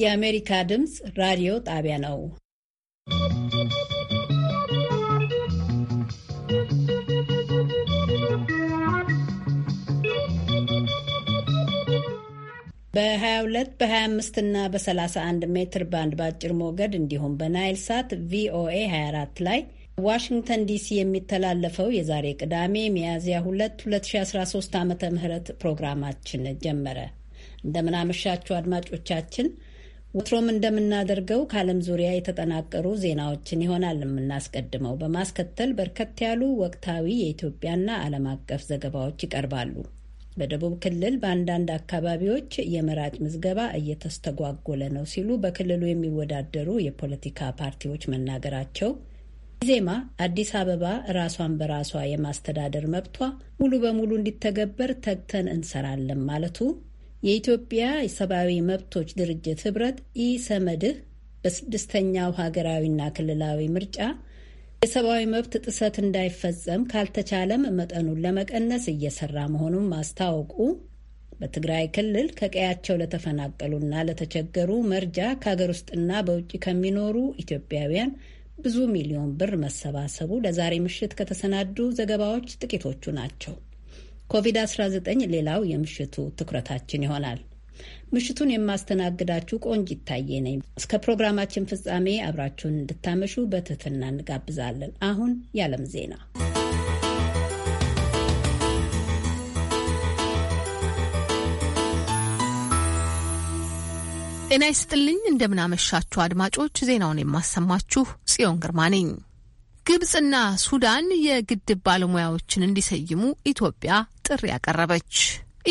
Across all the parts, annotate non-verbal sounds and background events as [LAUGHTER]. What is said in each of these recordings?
የአሜሪካ ድምፅ ራዲዮ ጣቢያ ነው። በ22 በ25 እና በ31 ሜትር ባንድ በአጭር ሞገድ እንዲሁም በናይል ሳት ቪኦኤ 24 ላይ ዋሽንግተን ዲሲ የሚተላለፈው የዛሬ ቅዳሜ ሚያዝያ 2 2013 ዓ ም ፕሮግራማችን ጀመረ። እንደምናመሻችሁ አድማጮቻችን። ወትሮም እንደምናደርገው ከዓለም ዙሪያ የተጠናቀሩ ዜናዎችን ይሆናል የምናስቀድመው። በማስከተል በርከት ያሉ ወቅታዊ የኢትዮጵያና ዓለም አቀፍ ዘገባዎች ይቀርባሉ። በደቡብ ክልል በአንዳንድ አካባቢዎች የመራጭ ምዝገባ እየተስተጓጎለ ነው ሲሉ በክልሉ የሚወዳደሩ የፖለቲካ ፓርቲዎች መናገራቸው፣ ኢዜማ አዲስ አበባ ራሷን በራሷ የማስተዳደር መብቷ ሙሉ በሙሉ እንዲተገበር ተግተን እንሰራለን ማለቱ፣ የኢትዮጵያ የሰብአዊ መብቶች ድርጅት ህብረት ኢሰመድህ በስድስተኛው ሀገራዊና ክልላዊ ምርጫ የሰብአዊ መብት ጥሰት እንዳይፈጸም ካልተቻለም መጠኑን ለመቀነስ እየሰራ መሆኑን ማስታወቁ በትግራይ ክልል ከቀያቸው ለተፈናቀሉና ለተቸገሩ መርጃ ከሀገር ውስጥና በውጭ ከሚኖሩ ኢትዮጵያውያን ብዙ ሚሊዮን ብር መሰባሰቡ ለዛሬ ምሽት ከተሰናዱ ዘገባዎች ጥቂቶቹ ናቸው። ኮቪድ-19 ሌላው የምሽቱ ትኩረታችን ይሆናል። ምሽቱን የማስተናግዳችሁ ቆንጅ ይታየ ነኝ። እስከ ፕሮግራማችን ፍጻሜ አብራችሁን እንድታመሹ በትህትና እንጋብዛለን። አሁን የዓለም ዜና ጤና ይስጥልኝ። እንደምናመሻችሁ አድማጮች፣ ዜናውን የማሰማችሁ ጽዮን ግርማ ነኝ። ግብጽና ሱዳን የግድብ ባለሙያዎችን እንዲሰይሙ ኢትዮጵያ ጥሪ ያቀረበች።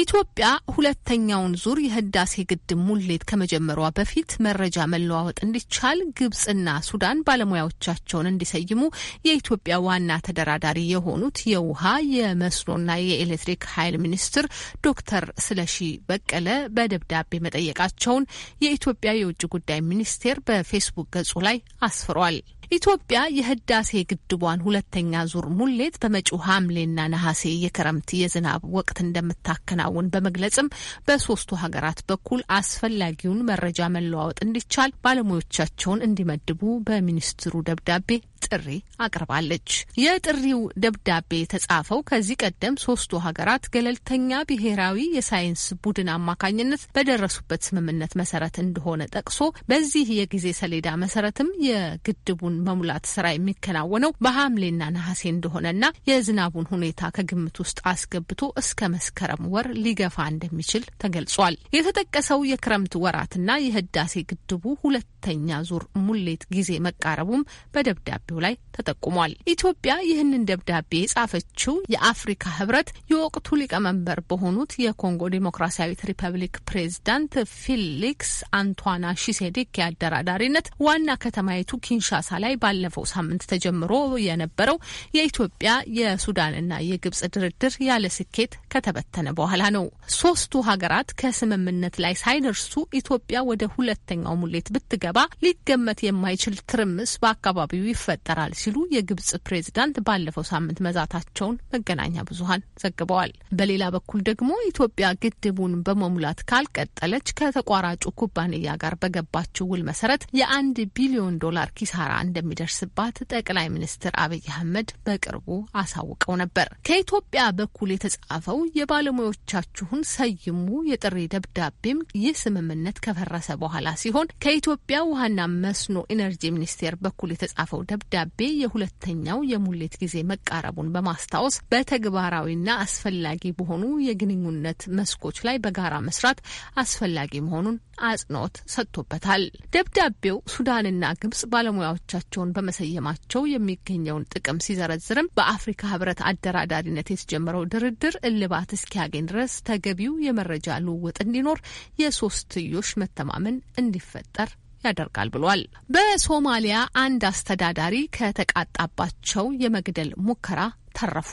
ኢትዮጵያ ሁለተኛውን ዙር የህዳሴ ግድብ ሙሌት ከመጀመሯ በፊት መረጃ መለዋወጥ እንዲቻል ግብጽና ሱዳን ባለሙያዎቻቸውን እንዲሰይሙ የኢትዮጵያ ዋና ተደራዳሪ የሆኑት የውሃ የመስኖና የኤሌክትሪክ ኃይል ሚኒስትር ዶክተር ስለሺ በቀለ በደብዳቤ መጠየቃቸውን የኢትዮጵያ የውጭ ጉዳይ ሚኒስቴር በፌስቡክ ገጹ ላይ አስፍሯል። ኢትዮጵያ የህዳሴ ግድቧን ሁለተኛ ዙር ሙሌት በመጪው ሐምሌና ነሐሴ የክረምት የዝናብ ወቅት እንደምታከናውን በመግለጽም በሶስቱ ሀገራት በኩል አስፈላጊውን መረጃ መለዋወጥ እንዲቻል ባለሙያዎቻቸውን እንዲመድቡ በሚኒስትሩ ደብዳቤ ጥሪ አቅርባለች። የጥሪው ደብዳቤ የተጻፈው ከዚህ ቀደም ሶስቱ ሀገራት ገለልተኛ ብሔራዊ የሳይንስ ቡድን አማካኝነት በደረሱበት ስምምነት መሰረት እንደሆነ ጠቅሶ በዚህ የጊዜ ሰሌዳ መሰረትም የግድቡን መሙላት ስራ የሚከናወነው በሐምሌና ነሐሴ እንደሆነና የዝናቡን ሁኔታ ከግምት ውስጥ አስገብቶ እስከ መስከረም ወር ሊገፋ እንደሚችል ተገልጿል። የተጠቀሰው የክረምት ወራትና የህዳሴ ግድቡ ሁለተኛ ዙር ሙሌት ጊዜ መቃረቡም በደብዳቤ መሰናዶ ላይ ተጠቁሟል። ኢትዮጵያ ይህንን ደብዳቤ የጻፈችው የአፍሪካ ህብረት የወቅቱ ሊቀመንበር በሆኑት የኮንጎ ዲሞክራሲያዊት ሪፐብሊክ ፕሬዝዳንት ፊሊክስ አንቷና ሺሴዲክ የአደራዳሪነት ዋና ከተማይቱ ኪንሻሳ ላይ ባለፈው ሳምንት ተጀምሮ የነበረው የኢትዮጵያ የሱዳንና የግብጽ ድርድር ያለ ስኬት ከተበተነ በኋላ ነው። ሶስቱ ሀገራት ከስምምነት ላይ ሳይደርሱ ኢትዮጵያ ወደ ሁለተኛው ሙሌት ብትገባ ሊገመት የማይችል ትርምስ በአካባቢው ይፈጠ ይፈጠራል ሲሉ የግብጽ ፕሬዝዳንት ባለፈው ሳምንት መዛታቸውን መገናኛ ብዙሀን ዘግበዋል። በሌላ በኩል ደግሞ ኢትዮጵያ ግድቡን በመሙላት ካልቀጠለች ከተቋራጩ ኩባንያ ጋር በገባችው ውል መሰረት የአንድ ቢሊዮን ዶላር ኪሳራ እንደሚደርስባት ጠቅላይ ሚኒስትር አብይ አህመድ በቅርቡ አሳውቀው ነበር። ከኢትዮጵያ በኩል የተጻፈው የባለሙያዎቻችሁን ሰይሙ የጥሪ ደብዳቤም ይህ ስምምነት ከፈረሰ በኋላ ሲሆን ከኢትዮጵያ ውሃና መስኖ ኢነርጂ ሚኒስቴር በኩል የተጻፈው ደብዳቤ ደብዳቤ የሁለተኛው የሙሌት ጊዜ መቃረቡን በማስታወስ በተግባራዊና አስፈላጊ በሆኑ የግንኙነት መስኮች ላይ በጋራ መስራት አስፈላጊ መሆኑን አጽንኦት ሰጥቶበታል። ደብዳቤው ሱዳንና ግብጽ ባለሙያዎቻቸውን በመሰየማቸው የሚገኘውን ጥቅም ሲዘረዝርም በአፍሪካ ሕብረት አደራዳሪነት የተጀመረው ድርድር እልባት እስኪያገኝ ድረስ ተገቢው የመረጃ ልውውጥ እንዲኖር የሶስትዮሽ መተማመን እንዲፈጠር ያደርጋል ብሏል። በሶማሊያ አንድ አስተዳዳሪ ከተቃጣባቸው የመግደል ሙከራ ተረፉ።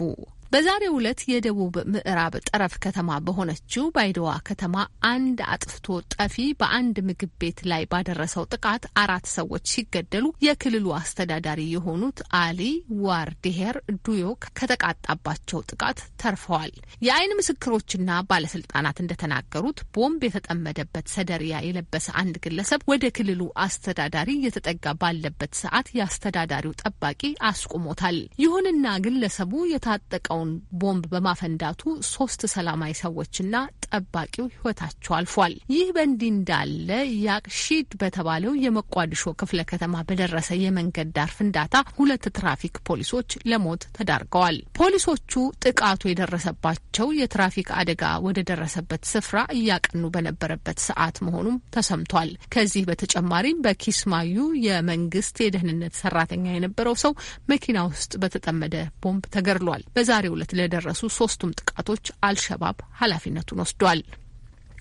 በዛሬው ዕለት የደቡብ ምዕራብ ጠረፍ ከተማ በሆነችው ባይደዋ ከተማ አንድ አጥፍቶ ጠፊ በአንድ ምግብ ቤት ላይ ባደረሰው ጥቃት አራት ሰዎች ሲገደሉ የክልሉ አስተዳዳሪ የሆኑት አሊ ዋርዲሄር ዱዮ ከተቃጣባቸው ጥቃት ተርፈዋል። የአይን ምስክሮችና ባለስልጣናት እንደተናገሩት ቦምብ የተጠመደበት ሰደሪያ የለበሰ አንድ ግለሰብ ወደ ክልሉ አስተዳዳሪ እየተጠጋ ባለበት ሰዓት የአስተዳዳሪው ጠባቂ አስቁሞታል። ይሁንና ግለሰቡ የታጠቀው የወጣውን ቦምብ በማፈንዳቱ ሶስት ሰላማዊ ሰዎችና ጠባቂው ህይወታቸው አልፏል። ይህ በእንዲህ እንዳለ ያቅሺድ በተባለው የመቋዲሾ ክፍለ ከተማ በደረሰ የመንገድ ዳር ፍንዳታ ሁለት ትራፊክ ፖሊሶች ለሞት ተዳርገዋል። ፖሊሶቹ ጥቃቱ የደረሰባቸው የትራፊክ አደጋ ወደ ደረሰበት ስፍራ እያቀኑ በነበረበት ሰዓት መሆኑም ተሰምቷል። ከዚህ በተጨማሪም በኪስማዩ የመንግስት የደህንነት ሰራተኛ የነበረው ሰው መኪና ውስጥ በተጠመደ ቦምብ ተገድሏል። በዛሬ ዕለት ለደረሱ ሶስቱም ጥቃቶች አልሸባብ ኃላፊነቱን ወስዷል።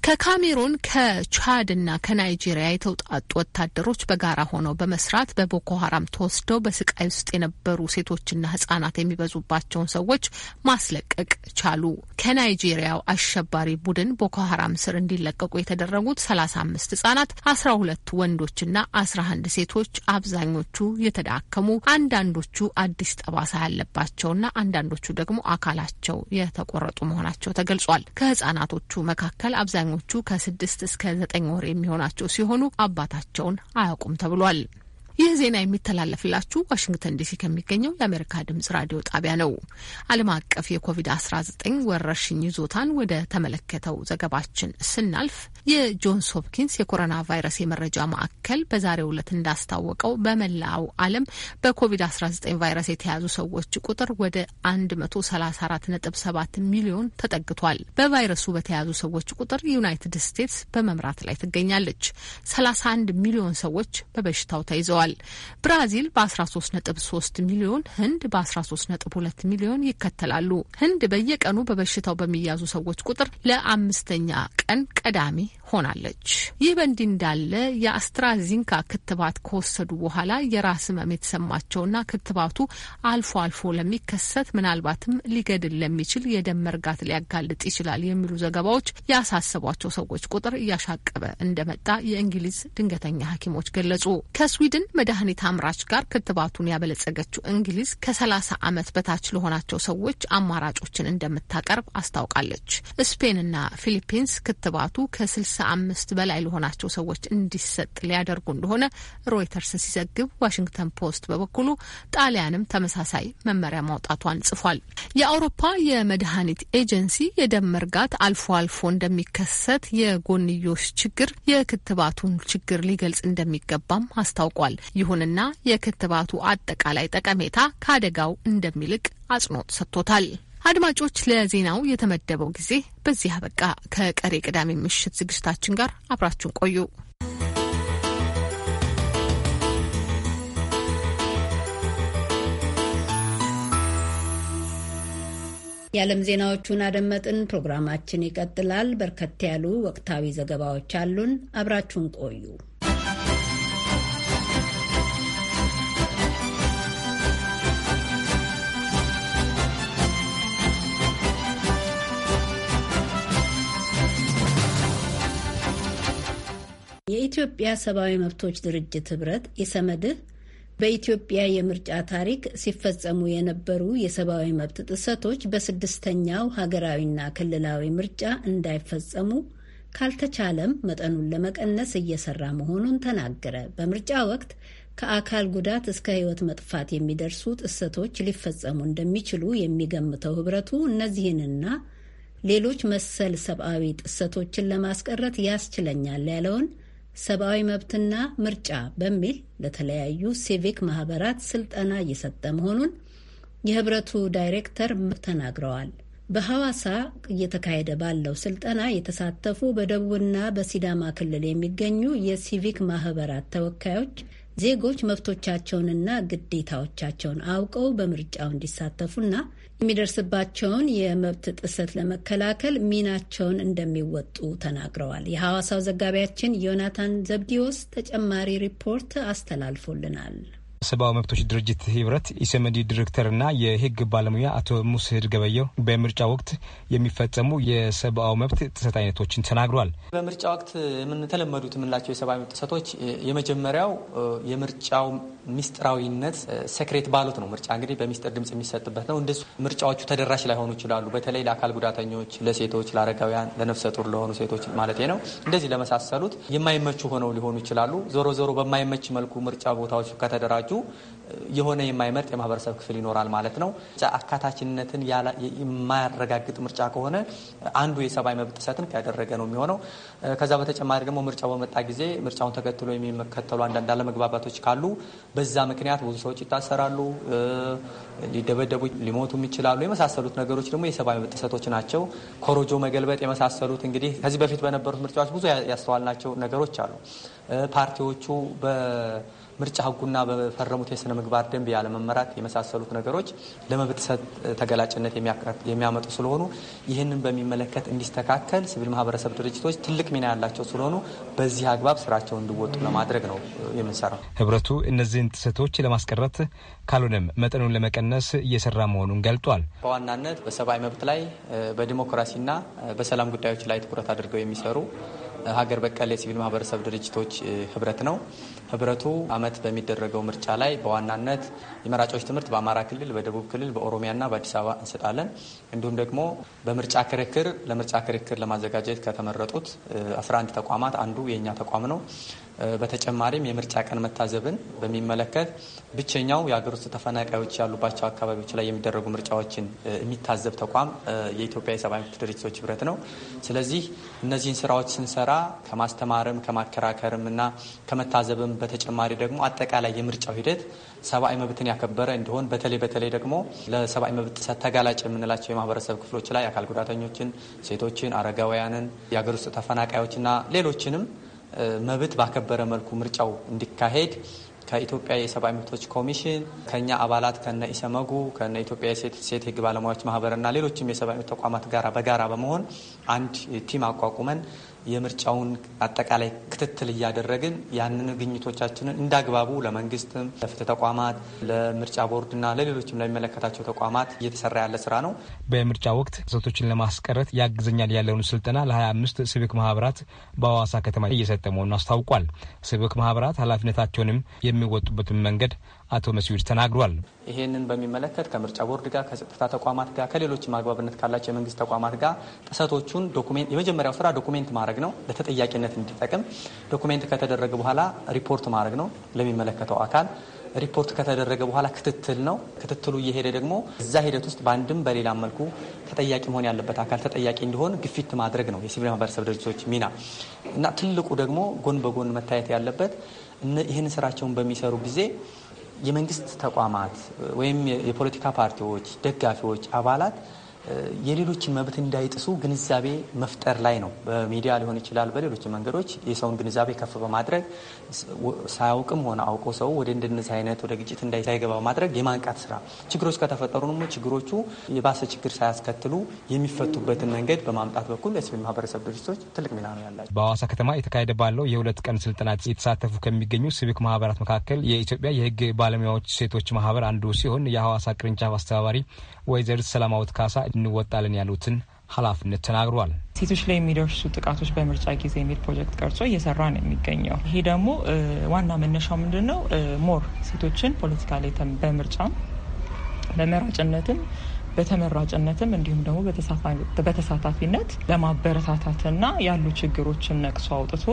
ከካሜሩን ከቻድ እና ከናይጄሪያ የተውጣጡ ወታደሮች በጋራ ሆነው በመስራት በቦኮ ሀራም ተወስደው በስቃይ ውስጥ የነበሩ ሴቶችና ህጻናት የሚበዙባቸውን ሰዎች ማስለቀቅ ቻሉ። ከናይጄሪያው አሸባሪ ቡድን ቦኮ ሀራም ስር እንዲለቀቁ የተደረጉት ሰላሳ አምስት ህጻናት፣ አስራ ሁለት ወንዶችና አስራ አንድ ሴቶች አብዛኞቹ የተዳከሙ አንዳንዶቹ አዲስ ጠባሳ ያለባቸውና አንዳንዶቹ ደግሞ አካላቸው የተቆረጡ መሆናቸው ተገልጿል። ከህጻናቶቹ መካከል አብዛኛው አብዛኞቹ ከስድስት እስከ ዘጠኝ ወር የሚሆናቸው ሲሆኑ አባታቸውን አያውቁም ተብሏል። ይህ ዜና የሚተላለፍላችሁ ዋሽንግተን ዲሲ ከሚገኘው የአሜሪካ ድምጽ ራዲዮ ጣቢያ ነው። ዓለም አቀፍ የኮቪድ-19 ወረርሽኝ ይዞታን ወደ ተመለከተው ዘገባችን ስናልፍ የጆንስ ሆፕኪንስ የኮሮና ቫይረስ የመረጃ ማዕከል በዛሬው ዕለት እንዳስታወቀው በመላው ዓለም በኮቪድ-19 ቫይረስ የተያዙ ሰዎች ቁጥር ወደ 134.7 ሚሊዮን ተጠግቷል። በቫይረሱ በተያዙ ሰዎች ቁጥር ዩናይትድ ስቴትስ በመምራት ላይ ትገኛለች። 31 ሚሊዮን ሰዎች በበሽታው ተይዘዋል። ብራዚል በ13.3 ሚሊዮን፣ ህንድ በ13.2 ሚሊዮን ይከተላሉ። ህንድ በየቀኑ በበሽታው በሚያዙ ሰዎች ቁጥር ለአምስተኛ ቀን ቀዳሚ ሆናለች። ይህ በእንዲህ እንዳለ የአስትራዚንካ ክትባት ከወሰዱ በኋላ የራስ ህመም የተሰማቸውና ክትባቱ አልፎ አልፎ ለሚከሰት ምናልባትም ሊገድል ለሚችል የደም መርጋት ሊያጋልጥ ይችላል የሚሉ ዘገባዎች ያሳሰቧቸው ሰዎች ቁጥር እያሻቀበ እንደመጣ የእንግሊዝ ድንገተኛ ሐኪሞች ገለጹ። ከስዊድን መድኃኒት አምራች ጋር ክትባቱን ያበለጸገችው እንግሊዝ ከሰላሳ ዓመት በታች ለሆናቸው ሰዎች አማራጮችን እንደምታቀርብ አስታውቃለች። ስፔንና ፊሊፒንስ ክትባቱ ከስ ስልሳ አምስት በላይ ለሆናቸው ሰዎች እንዲሰጥ ሊያደርጉ እንደሆነ ሮይተርስ ሲዘግብ፣ ዋሽንግተን ፖስት በበኩሉ ጣሊያንም ተመሳሳይ መመሪያ ማውጣቷን ጽፏል። የአውሮፓ የመድኃኒት ኤጀንሲ የደም መርጋት አልፎ አልፎ እንደሚከሰት የጎንዮሽ ችግር የክትባቱን ችግር ሊገልጽ እንደሚገባም አስታውቋል። ይሁንና የክትባቱ አጠቃላይ ጠቀሜታ ከአደጋው እንደሚልቅ አጽንኦት ሰጥቶታል። አድማጮች፣ ለዜናው የተመደበው ጊዜ በዚህ አበቃ። ከቀሪ ቅዳሜ ምሽት ዝግጅታችን ጋር አብራችሁን ቆዩ። የዓለም ዜናዎቹን አደመጥን። ፕሮግራማችን ይቀጥላል። በርከት ያሉ ወቅታዊ ዘገባዎች አሉን። አብራችሁን ቆዩ። የኢትዮጵያ ሰብአዊ መብቶች ድርጅት ህብረት የሰመድህ በኢትዮጵያ የምርጫ ታሪክ ሲፈጸሙ የነበሩ የሰብአዊ መብት ጥሰቶች በስድስተኛው ሀገራዊና ክልላዊ ምርጫ እንዳይፈጸሙ ካልተቻለም መጠኑን ለመቀነስ እየሰራ መሆኑን ተናገረ። በምርጫ ወቅት ከአካል ጉዳት እስከ ህይወት መጥፋት የሚደርሱ ጥሰቶች ሊፈጸሙ እንደሚችሉ የሚገምተው ህብረቱ እነዚህንና ሌሎች መሰል ሰብአዊ ጥሰቶችን ለማስቀረት ያስችለኛል ያለውን ሰብአዊ መብትና ምርጫ በሚል ለተለያዩ ሲቪክ ማህበራት ስልጠና እየሰጠ መሆኑን የህብረቱ ዳይሬክተር ተናግረዋል። በሐዋሳ እየተካሄደ ባለው ስልጠና የተሳተፉ በደቡብና በሲዳማ ክልል የሚገኙ የሲቪክ ማህበራት ተወካዮች ዜጎች መብቶቻቸውንና ግዴታዎቻቸውን አውቀው በምርጫው እንዲሳተፉና የሚደርስባቸውን የመብት ጥሰት ለመከላከል ሚናቸውን እንደሚወጡ ተናግረዋል። የሐዋሳው ዘጋቢያችን ዮናታን ዘብዲዎስ ተጨማሪ ሪፖርት አስተላልፎልናል። ሰብአዊ መብቶች ድርጅት ህብረት ኢሰመዲ ዲሬክተርና የህግ ባለሙያ አቶ ሙስህድ ገበየው በምርጫ ወቅት የሚፈጸሙ የሰብአዊ መብት ጥሰት አይነቶችን ተናግሯል። በምርጫ ወቅት የምንተለመዱት የምንላቸው የሰብአዊ መብት ጥሰቶች የመጀመሪያው የምርጫው ሚስጥራዊነት ሴክሬት ባሎት ነው። ምርጫ እንግዲህ በሚስጥር ድምጽ የሚሰጥበት ነው። እንደሱ ምርጫዎቹ ተደራሽ ላይሆኑ ይችላሉ። በተለይ ለአካል ጉዳተኞች፣ ለሴቶች፣ ለአረጋውያን፣ ለነፍሰ ጡር ለሆኑ ሴቶች ማለት ነው። እንደዚህ ለመሳሰሉት የማይመቹ ሆነው ሊሆኑ ይችላሉ። ዞሮ ዞሮ በማይመች መልኩ ምርጫ ቦታዎች ከተደራጁ ከተደራጁ የሆነ የማይመርጥ የማህበረሰብ ክፍል ይኖራል ማለት ነው። አካታችነትን የማያረጋግጥ ምርጫ ከሆነ አንዱ የሰብአዊ መብት ጥሰትን ያደረገ ነው የሚሆነው። ከዛ በተጨማሪ ደግሞ ምርጫው በመጣ ጊዜ ምርጫውን ተከትሎ የሚከተሉ አንዳንድ አለመግባባቶች ካሉ በዛ ምክንያት ብዙ ሰዎች ይታሰራሉ፣ ሊደበደቡ ሊሞቱም ይችላሉ። የመሳሰሉት ነገሮች ደግሞ የሰብአዊ መብት ጥሰቶች ናቸው። ኮሮጆ መገልበጥ የመሳሰሉት እንግዲህ ከዚህ በፊት በነበሩት ምርጫዎች ብዙ ያስተዋልናቸው ነገሮች አሉ ፓርቲዎቹ ምርጫ ህጉና በፈረሙት የስነ ምግባር ደንብ ያለመመራት የመሳሰሉት ነገሮች ለመብት ተገላጭነት የሚያመጡ ስለሆኑ ይህንን በሚመለከት እንዲስተካከል ሲቪል ማህበረሰብ ድርጅቶች ትልቅ ሚና ያላቸው ስለሆኑ በዚህ አግባብ ስራቸውን እንዲወጡ ለማድረግ ነው የምንሰራው። ህብረቱ እነዚህን ጥሰቶች ለማስቀረት ካልሆነም መጠኑን ለመቀነስ እየሰራ መሆኑን ገልጧል። በዋናነት በሰብአዊ መብት ላይ በዲሞክራሲና በሰላም ጉዳዮች ላይ ትኩረት አድርገው የሚሰሩ ሀገር በቀል የሲቪል ማህበረሰብ ድርጅቶች ህብረት ነው። ህብረቱ አመት በሚደረገው ምርጫ ላይ በዋናነት የመራጮች ትምህርት በአማራ ክልል፣ በደቡብ ክልል፣ በኦሮሚያና በአዲስ አበባ እንሰጣለን። እንዲሁም ደግሞ በምርጫ ክርክር ለምርጫ ክርክር ለማዘጋጀት ከተመረጡት 11 ተቋማት አንዱ የእኛ ተቋም ነው። በተጨማሪም የምርጫ ቀን መታዘብን በሚመለከት ብቸኛው የሀገር ውስጥ ተፈናቃዮች ያሉባቸው አካባቢዎች ላይ የሚደረጉ ምርጫዎችን የሚታዘብ ተቋም የኢትዮጵያ የሰብአዊ መብት ድርጅቶች ህብረት ነው። ስለዚህ እነዚህን ስራዎች ስንሰራ ከማስተማርም ከማከራከርም እና ከመታዘብም በተጨማሪ ደግሞ አጠቃላይ የምርጫው ሂደት ሰብአዊ መብትን ያከበረ እንዲሆን በተለይ በተለይ ደግሞ ለሰብአዊ መብት ጥሰት ተጋላጭ የምንላቸው የማህበረሰብ ክፍሎች ላይ አካል ጉዳተኞችን፣ ሴቶችን፣ አረጋውያንን፣ የሀገር ውስጥ ተፈናቃዮችና ሌሎችንም መብት ባከበረ መልኩ ምርጫው እንዲካሄድ ከኢትዮጵያ የሰብአዊ መብቶች ኮሚሽን ከኛ አባላት ከነ ኢሰመጉ ከነ ኢትዮጵያ ሴት ህግ ባለሙያዎች ማህበርና ሌሎችም የሰብአዊ መብት ተቋማት ጋራ በጋራ በመሆን አንድ ቲም አቋቁመን የምርጫውን አጠቃላይ ክትትል እያደረግን ያንን ግኝቶቻችንን እንዳግባቡ ለመንግስትም፣ ለፍትህ ተቋማት፣ ለምርጫ ቦርድና ለሌሎችም ለሚመለከታቸው ተቋማት እየተሰራ ያለ ስራ ነው። በምርጫ ወቅት ክሰቶችን ለማስቀረት ያግዘኛል ያለውን ስልጠና ለ25 ስብክ ማህበራት በሐዋሳ ከተማ እየሰጠ መሆኑን አስታውቋል። ስብክ ማህበራት ኃላፊነታቸውንም የሚወጡበትን መንገድ አቶ መስዩድ ተናግሯል። ይህንን በሚመለከት ከምርጫ ቦርድ ጋር፣ ከጸጥታ ተቋማት ጋር፣ ከሌሎችም አግባብነት ካላቸው የመንግስት ተቋማት ጋር ጥሰቶቹን የመጀመሪያው ስራ ዶኩሜንት ማድረግ ነው። ለተጠያቂነት እንዲጠቅም ዶኩሜንት ከተደረገ በኋላ ሪፖርት ማድረግ ነው ለሚመለከተው አካል ሪፖርት ከተደረገ በኋላ ክትትል ነው። ክትትሉ እየሄደ ደግሞ እዛ ሂደት ውስጥ በአንድም በሌላ መልኩ ተጠያቂ መሆን ያለበት አካል ተጠያቂ እንዲሆን ግፊት ማድረግ ነው የሲቪል ማህበረሰብ ድርጅቶች ሚና እና ትልቁ ደግሞ ጎን በጎን መታየት ያለበት ይህን ስራቸውን በሚሰሩ ጊዜ የመንግስት ተቋማት ወይም የፖለቲካ ፓርቲዎች ደጋፊዎች፣ አባላት የሌሎችን መብት እንዳይጥሱ ግንዛቤ መፍጠር ላይ ነው። በሚዲያ ሊሆን ይችላል፣ በሌሎች መንገዶች የሰውን ግንዛቤ ከፍ በማድረግ ሳያውቅም ሆነ አውቆ ሰው ወደ እንደነዚህ አይነት ወደ ግጭት እንዳይገባ ማድረግ የማንቃት ስራ ችግሮች ከተፈጠሩ ደግሞ ችግሮቹ የባሰ ችግር ሳያስከትሉ የሚፈቱበትን መንገድ በማምጣት በኩል የሲቪል ማህበረሰብ ድርጅቶች ትልቅ ሚና ነው ያላቸው። በሐዋሳ ከተማ የተካሄደ ባለው የሁለት ቀን ስልጠና የተሳተፉ ከሚገኙ ሲቪክ ማህበራት መካከል የኢትዮጵያ የህግ ባለሙያዎች ሴቶች ማህበር አንዱ ሲሆን የሐዋሳ ቅርንጫፍ አስተባባሪ ወይዘሪት ሰላማዊት ካሳ እንወጣለን ያሉትን ኃላፊነት ተናግሯል። ሴቶች ላይ የሚደርሱ ጥቃቶች በምርጫ ጊዜ የሚል ፕሮጀክት ቀርጾ እየሰራ ነው የሚገኘው። ይሄ ደግሞ ዋና መነሻው ምንድን ነው? ሞር ሴቶችን ፖለቲካ ላይ በምርጫም በመራጭነትም በተመራጭነትም እንዲሁም ደግሞ በተሳታፊነት ለማበረታታትና ያሉ ችግሮችን ነቅሶ አውጥቶ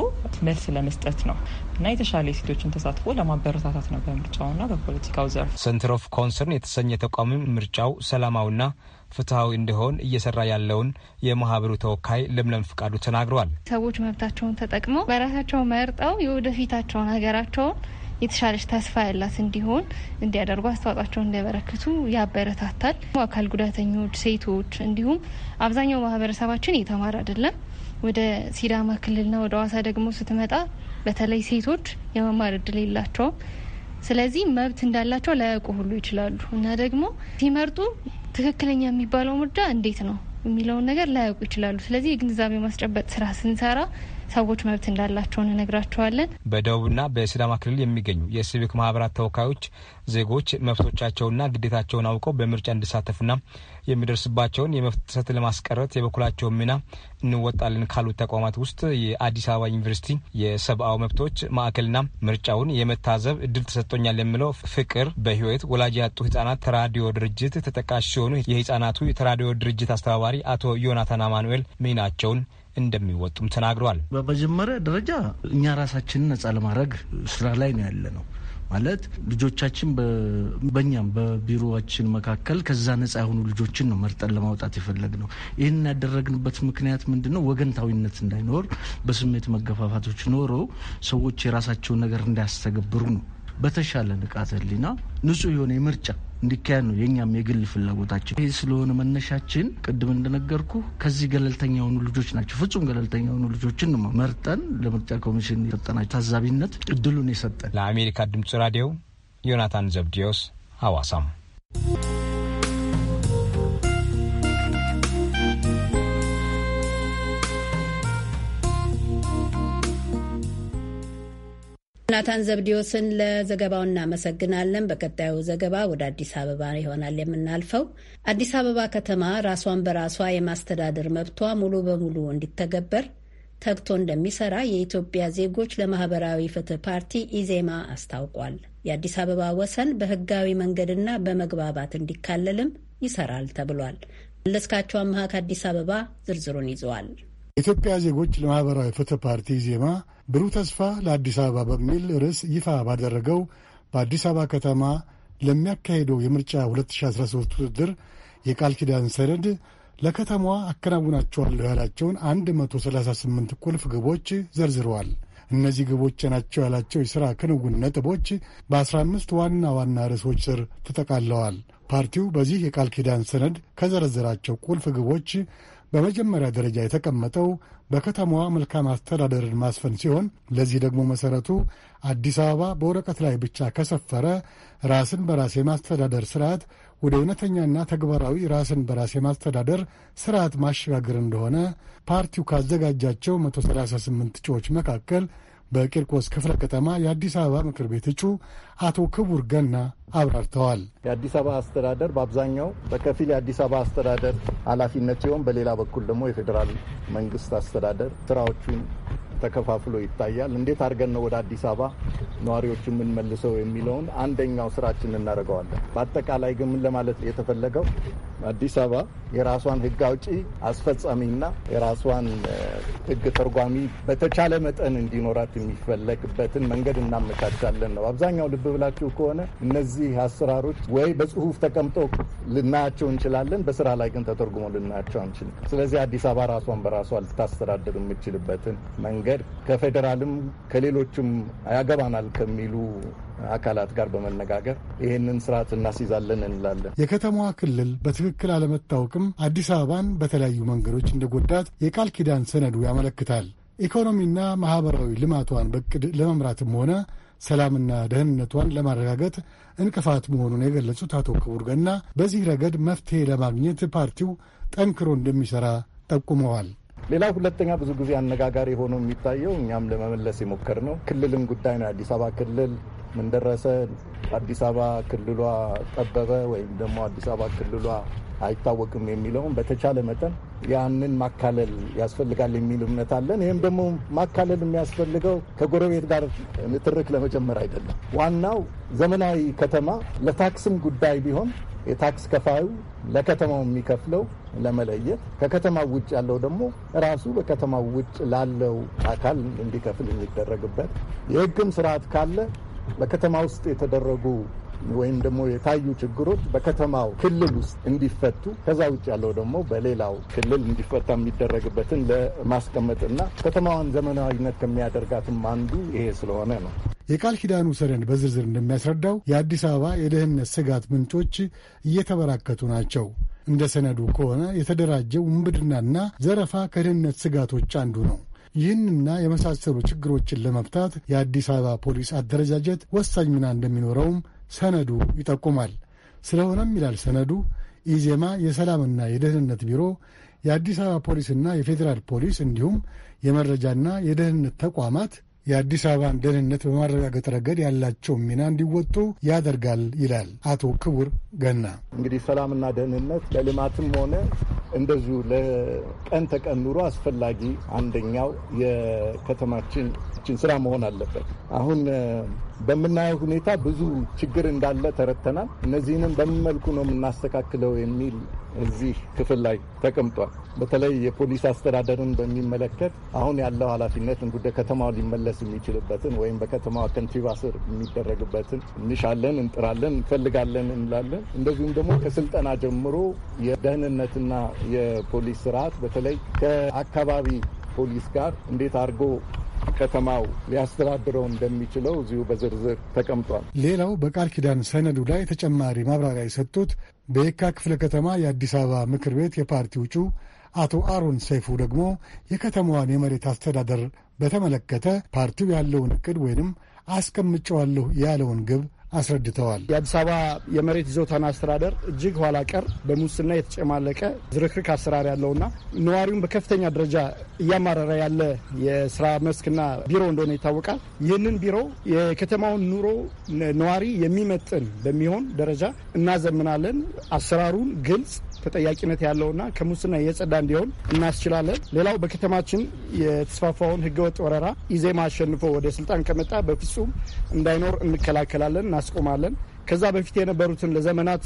መልስ ለመስጠት ነው እና የተሻለ የሴቶችን ተሳትፎ ለማበረታታት ነው በምርጫውና በፖለቲካው ዘርፍ። ሴንተር ኦፍ ኮንሰርን የተሰኘ ተቋምም ምርጫው ሰላማዊና ፍትሐዊ እንዲሆን እየሰራ ያለውን የማህበሩ ተወካይ ለምለም ፍቃዱ ተናግረዋል። ሰዎች መብታቸውን ተጠቅመው በራሳቸው መርጠው የወደፊታቸውን ሀገራቸውን የተሻለች ተስፋ ያላት እንዲሆን እንዲያደርጉ አስተዋጽኦቸውን እንዲያበረክቱ ያበረታታል። አካል ጉዳተኞች፣ ሴቶች እንዲሁም አብዛኛው ማህበረሰባችን የተማረ አይደለም። ወደ ሲዳማ ክልልና ወደ ዋሳ ደግሞ ስትመጣ በተለይ ሴቶች የመማር እድል የላቸውም። ስለዚህ መብት እንዳላቸው ላያውቁ ሁሉ ይችላሉ እና ደግሞ ሲመርጡ ትክክለኛ የሚባለው ምርጫ እንዴት ነው የሚለውን ነገር ላያውቁ ይችላሉ። ስለዚህ የግንዛቤ ማስጨበጥ ስራ ስንሰራ ሰዎች መብት እንዳላቸው እንነግራቸዋለን። በደቡብና በሲዳማ ክልል የሚገኙ የሲቪክ ማህበራት ተወካዮች ዜጎች መብቶቻቸውና ግዴታቸውን አውቀው በምርጫ እንዲሳተፉና የሚደርስባቸውን የመብት ጥሰት ለማስቀረት የበኩላቸውን ሚና እንወጣለን ካሉት ተቋማት ውስጥ የአዲስ አበባ ዩኒቨርሲቲ የሰብአዊ መብቶች ማዕከልና ምርጫውን የመታዘብ እድል ተሰጥቶኛል የሚለው ፍቅር በህይወት ወላጅ ያጡ ህጻናት ተራዲዮ ድርጅት ተጠቃሽ ሲሆኑ የህጻናቱ የተራዲዮ ድርጅት አስተባባሪ አቶ ዮናታን አማኑኤል ሚናቸውን እንደሚወጡም ተናግረዋል። በመጀመሪያ ደረጃ እኛ ራሳችንን ነጻ ለማድረግ ስራ ላይ ነው ያለ ነው። ማለት ልጆቻችን በእኛም በቢሮችን መካከል ከዛ ነጻ የሆኑ ልጆችን ነው መርጠን ለማውጣት የፈለግ ነው። ይህን ያደረግንበት ምክንያት ምንድን ነው? ወገንታዊነት እንዳይኖር በስሜት መገፋፋቶች ኖሮ ሰዎች የራሳቸውን ነገር እንዳያስተገብሩ ነው። በተሻለ ንቃተ ህሊና ንጹህ የሆነ የምርጫ እንዲካሄድ ነው የኛም የግል ፍላጎታችን። ይህ ስለሆነ መነሻችን ቅድም እንደነገርኩ ከዚህ ገለልተኛ የሆኑ ልጆች ናቸው። ፍጹም ገለልተኛ የሆኑ ልጆችን መርጠን ለምርጫ ኮሚሽን የሰጠናቸው ታዛቢነት እድሉን የሰጠን። ለአሜሪካ ድምፅ ራዲዮ ዮናታን ዘብዲዮስ ሐዋሳም ዮናታን ዘብዲዮስን ለዘገባው እናመሰግናለን። በቀጣዩ ዘገባ ወደ አዲስ አበባ ይሆናል የምናልፈው። አዲስ አበባ ከተማ ራሷን በራሷ የማስተዳደር መብቷ ሙሉ በሙሉ እንዲተገበር ተግቶ እንደሚሰራ የኢትዮጵያ ዜጎች ለማህበራዊ ፍትህ ፓርቲ ኢዜማ አስታውቋል። የአዲስ አበባ ወሰን በህጋዊ መንገድና በመግባባት እንዲካለልም ይሰራል ተብሏል። መለስካቸው አምሃ ከአዲስ አበባ ዝርዝሩን ይዘዋል። የኢትዮጵያ ዜጎች ለማኅበራዊ ፍትህ ፓርቲ ዜማ ብሩህ ተስፋ ለአዲስ አበባ በሚል ርዕስ ይፋ ባደረገው በአዲስ አበባ ከተማ ለሚያካሄደው የምርጫ 2013 ውድድር የቃል ኪዳን ሰነድ ለከተማዋ አከናውናቸዋለሁ ያላቸውን 138 ቁልፍ ግቦች ዘርዝረዋል። እነዚህ ግቦች ናቸው ያላቸው የሥራ ክንውን ነጥቦች በ15 ዋና ዋና ርዕሶች ስር ተጠቃለዋል። ፓርቲው በዚህ የቃል ኪዳን ሰነድ ከዘረዘራቸው ቁልፍ ግቦች በመጀመሪያ ደረጃ የተቀመጠው በከተማዋ መልካም አስተዳደርን ማስፈን ሲሆን ለዚህ ደግሞ መሰረቱ አዲስ አበባ በወረቀት ላይ ብቻ ከሰፈረ ራስን በራስ የማስተዳደር ስርዓት ወደ እውነተኛና ተግባራዊ ራስን በራስ የማስተዳደር ስርዓት ማሸጋገር እንደሆነ ፓርቲው ካዘጋጃቸው 138 እጩዎች መካከል በቂርቆስ ክፍለ ከተማ የአዲስ አበባ ምክር ቤት እጩ አቶ ክቡር ገና አብራርተዋል። የአዲስ አበባ አስተዳደር በአብዛኛው በከፊል የአዲስ አበባ አስተዳደር ኃላፊነት ሲሆን፣ በሌላ በኩል ደግሞ የፌዴራል መንግስት አስተዳደር ስራዎቹን ተከፋፍሎ ይታያል። እንዴት አድርገን ነው ወደ አዲስ አበባ ነዋሪዎቹ የምንመልሰው የሚለውን አንደኛው ስራችን እናደርገዋለን። በአጠቃላይ ግን ምን ለማለት የተፈለገው አዲስ አበባ የራሷን ህግ አውጪ አስፈጻሚና የራሷን ህግ ተርጓሚ በተቻለ መጠን እንዲኖራት የሚፈለግበትን መንገድ እናመቻቻለን ነው። አብዛኛው ልብ ብላችሁ ከሆነ እነዚህ አሰራሮች ወይ በጽሁፍ ተቀምጦ ልናያቸው እንችላለን፣ በስራ ላይ ግን ተተርጉሞ ልናያቸው አንችልም። ስለዚህ አዲስ አበባ ራሷን በራሷ ልታስተዳደር የምችልበትን መንገድ መንገድ ከፌዴራልም ከሌሎችም ያገባናል ከሚሉ አካላት ጋር በመነጋገር ይህንን ስርዓት እናስይዛለን እንላለን። የከተማዋ ክልል በትክክል አለመታወቅም አዲስ አበባን በተለያዩ መንገዶች እንደጎዳት የቃል ኪዳን ሰነዱ ያመለክታል። ኢኮኖሚና ማህበራዊ ልማቷን በቅድ ለመምራትም ሆነ ሰላምና ደህንነቷን ለማረጋገጥ እንቅፋት መሆኑን የገለጹት አቶ ክቡር ገና በዚህ ረገድ መፍትሄ ለማግኘት ፓርቲው ጠንክሮ እንደሚሠራ ጠቁመዋል። ሌላ ሁለተኛ ብዙ ጊዜ አነጋጋሪ ሆኖ የሚታየው እኛም ለመመለስ የሞከር ነው ክልልም ጉዳይ ነው። አዲስ አበባ ክልል ምን ደረሰ፣ አዲስ አበባ ክልሏ ጠበበ፣ ወይም ደግሞ አዲስ አበባ ክልሏ አይታወቅም የሚለውን በተቻለ መጠን ያንን ማካለል ያስፈልጋል የሚል እምነት አለን። ይህም ደግሞ ማካለል የሚያስፈልገው ከጎረቤት ጋር ንትርክ ለመጨመር አይደለም። ዋናው ዘመናዊ ከተማ ለታክስም ጉዳይ ቢሆን የታክስ ከፋዩ ለከተማው የሚከፍለው ለመለየት ከከተማው ውጭ ያለው ደግሞ ራሱ በከተማው ውጭ ላለው አካል እንዲከፍል የሚደረግበት የሕግም ስርዓት ካለ በከተማ ውስጥ የተደረጉ ወይም ደግሞ የታዩ ችግሮች በከተማው ክልል ውስጥ እንዲፈቱ ከዛ ውጭ ያለው ደግሞ በሌላው ክልል እንዲፈታ የሚደረግበትን ለማስቀመጥና ከተማዋን ዘመናዊነት ከሚያደርጋትም አንዱ ይሄ ስለሆነ ነው። የቃል ኪዳኑ ሰነድ በዝርዝር እንደሚያስረዳው የአዲስ አበባ የደህንነት ስጋት ምንጮች እየተበራከቱ ናቸው። እንደ ሰነዱ ከሆነ የተደራጀው ውንብድናና ዘረፋ ከደህንነት ስጋቶች አንዱ ነው። ይህንና የመሳሰሉ ችግሮችን ለመፍታት የአዲስ አበባ ፖሊስ አደረጃጀት ወሳኝ ሚና እንደሚኖረውም ሰነዱ ይጠቁማል። ስለሆነም ይላል ሰነዱ ኢዜማ የሰላምና የደህንነት ቢሮ የአዲስ አበባ ፖሊስና የፌዴራል ፖሊስ እንዲሁም የመረጃና የደህንነት ተቋማት የአዲስ አበባን ደህንነት በማረጋገጥ ረገድ ያላቸውን ሚና እንዲወጡ ያደርጋል ይላል አቶ ክቡር ገና። እንግዲህ ሰላምና ደህንነት ለልማትም ሆነ እንደዚሁ ለቀን ተቀን ኑሮ አስፈላጊ አንደኛው የከተማችን ስራ መሆን አለበት። አሁን በምናየው ሁኔታ ብዙ ችግር እንዳለ ተረድተናል። እነዚህንም በምን መልኩ ነው የምናስተካክለው የሚል እዚህ ክፍል ላይ ተቀምጧል። በተለይ የፖሊስ አስተዳደርን በሚመለከት አሁን ያለው ኃላፊነት እንጉዳይ ከተማው ሊመለስ የሚችልበትን ወይም በከተማዋ ከንቲባ ስር የሚደረግበትን እንሻለን፣ እንጥራለን፣ እንፈልጋለን እንላለን። እንደዚሁም ደግሞ ከስልጠና ጀምሮ የደህንነትና የፖሊስ ስርዓት በተለይ ከአካባቢ ፖሊስ ጋር እንዴት አድርጎ ከተማው ሊያስተዳድረው እንደሚችለው እዚሁ በዝርዝር ተቀምጧል። ሌላው በቃል ኪዳን ሰነዱ ላይ ተጨማሪ ማብራሪያ የሰጡት በየካ ክፍለ ከተማ የአዲስ አበባ ምክር ቤት የፓርቲ ውጩ አቶ አሮን ሰይፉ ደግሞ የከተማዋን የመሬት አስተዳደር በተመለከተ ፓርቲው ያለውን እቅድ ወይንም አስቀምጨዋለሁ ያለውን ግብ አስረድተዋል። የአዲስ አበባ የመሬት ይዞታና አስተዳደር እጅግ ኋላ ቀር፣ በሙስና የተጨማለቀ ዝርክርክ አሰራር ያለውና ነዋሪውን በከፍተኛ ደረጃ እያማረረ ያለ የስራ መስክና ቢሮ እንደሆነ ይታወቃል። ይህንን ቢሮ የከተማውን ኑሮ ነዋሪ የሚመጥን በሚሆን ደረጃ እናዘምናለን። አሰራሩን ግልጽ ተጠያቂነት ያለውና ከሙስና የጸዳ እንዲሆን እናስችላለን። ሌላው በከተማችን የተስፋፋውን ህገወጥ ወረራ ኢዜማ አሸንፎ ወደ ስልጣን ከመጣ በፍጹም እንዳይኖር እንከላከላለን፣ እናስቆማለን። ከዛ በፊት የነበሩትን ለዘመናት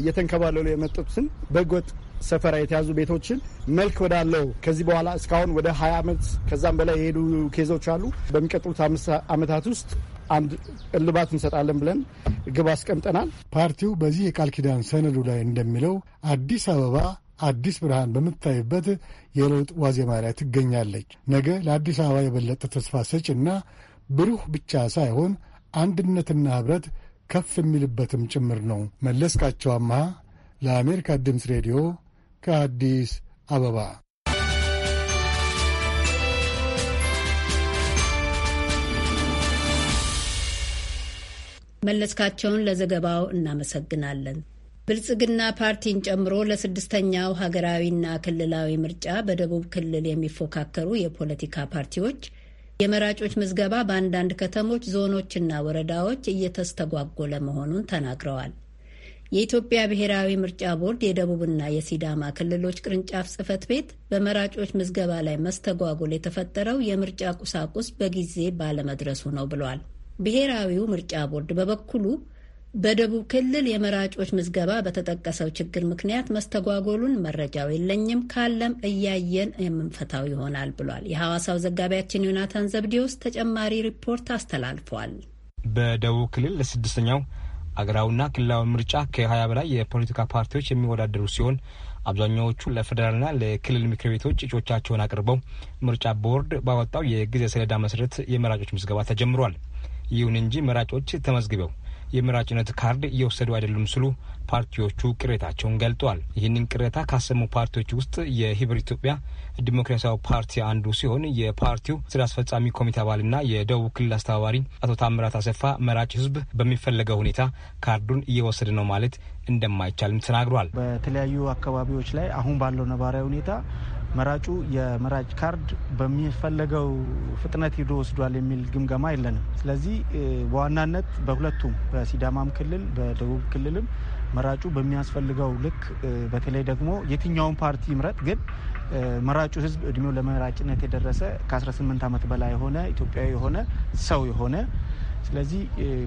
እየተንከባለሉ የመጡትን በህገወጥ ሰፈራ የተያዙ ቤቶችን መልክ ወዳለው ከዚህ በኋላ እስካሁን ወደ ሀያ ዓመት ከዛም በላይ የሄዱ ኬዞች አሉ። በሚቀጥሉት አምስት ዓመታት ውስጥ አንድ እልባት እንሰጣለን ብለን ግብ አስቀምጠናል። ፓርቲው በዚህ የቃል ኪዳን ሰነዱ ላይ እንደሚለው አዲስ አበባ አዲስ ብርሃን በምታይበት የለውጥ ዋዜማ ላይ ትገኛለች። ነገ ለአዲስ አበባ የበለጠ ተስፋ ሰጭና ብሩህ ብቻ ሳይሆን አንድነትና ኅብረት ከፍ የሚልበትም ጭምር ነው። መለስካቸው አምሃ ለአሜሪካ ድምፅ ሬዲዮ ከአዲስ አበባ መለስካቸውን ለዘገባው እናመሰግናለን። ብልጽግና ፓርቲን ጨምሮ ለስድስተኛው ሀገራዊና ክልላዊ ምርጫ በደቡብ ክልል የሚፎካከሩ የፖለቲካ ፓርቲዎች የመራጮች ምዝገባ በአንዳንድ ከተሞች ዞኖችና ወረዳዎች እየተስተጓጎለ መሆኑን ተናግረዋል። የኢትዮጵያ ብሔራዊ ምርጫ ቦርድ የደቡብና የሲዳማ ክልሎች ቅርንጫፍ ጽህፈት ቤት በመራጮች ምዝገባ ላይ መስተጓጎል የተፈጠረው የምርጫ ቁሳቁስ በጊዜ ባለመድረሱ ነው ብሏል። ብሔራዊው ምርጫ ቦርድ በበኩሉ በደቡብ ክልል የመራጮች ምዝገባ በተጠቀሰው ችግር ምክንያት መስተጓጎሉን መረጃው የለኝም፣ ካለም እያየን የምንፈታው ይሆናል ብሏል። የሐዋሳው ዘጋቢያችን ዮናታን ዘብዴዎስ ተጨማሪ ሪፖርት አስተላልፏል። በደቡብ ክልል ለስድስተኛው አገራዊና ክልላዊ ምርጫ ከሀያ በላይ የፖለቲካ ፓርቲዎች የሚወዳደሩ ሲሆን አብዛኛዎቹ ለፌዴራልና ለክልል ምክር ቤቶች እጩዎቻቸውን አቅርበው ምርጫ ቦርድ ባወጣው የጊዜ ሰሌዳ መሰረት የመራጮች ምዝገባ ተጀምሯል። ይሁን እንጂ መራጮች ተመዝግበው የመራጭነት ካርድ እየወሰዱ አይደሉም ስሉ ፓርቲዎቹ ቅሬታቸውን ገልጧል። ይህንን ቅሬታ ካሰሙ ፓርቲዎች ውስጥ የህብር ኢትዮጵያ ዲሞክራሲያዊ ፓርቲ አንዱ ሲሆን የፓርቲው ስራ አስፈጻሚ ኮሚቴ አባልና የደቡብ ክልል አስተባባሪ አቶ ታምራት አሰፋ መራጭ ህዝብ በሚፈለገው ሁኔታ ካርዱን እየወሰደ ነው ማለት እንደማይቻልም ተናግሯል። በተለያዩ አካባቢዎች ላይ አሁን ባለው ነባራዊ ሁኔታ መራጩ የመራጭ ካርድ በሚፈለገው ፍጥነት ሂዶ ወስዷል የሚል ግምገማ የለንም። ስለዚህ በዋናነት በሁለቱም በሲዳማም ክልል በደቡብ ክልልም መራጩ በሚያስፈልገው ልክ በተለይ ደግሞ የትኛውን ፓርቲ ምረጥ ግን መራጩ ህዝብ እድሜው ለመራጭነት የደረሰ ከ18 ዓመት በላይ የሆነ ኢትዮጵያዊ የሆነ ሰው የሆነ ስለዚህ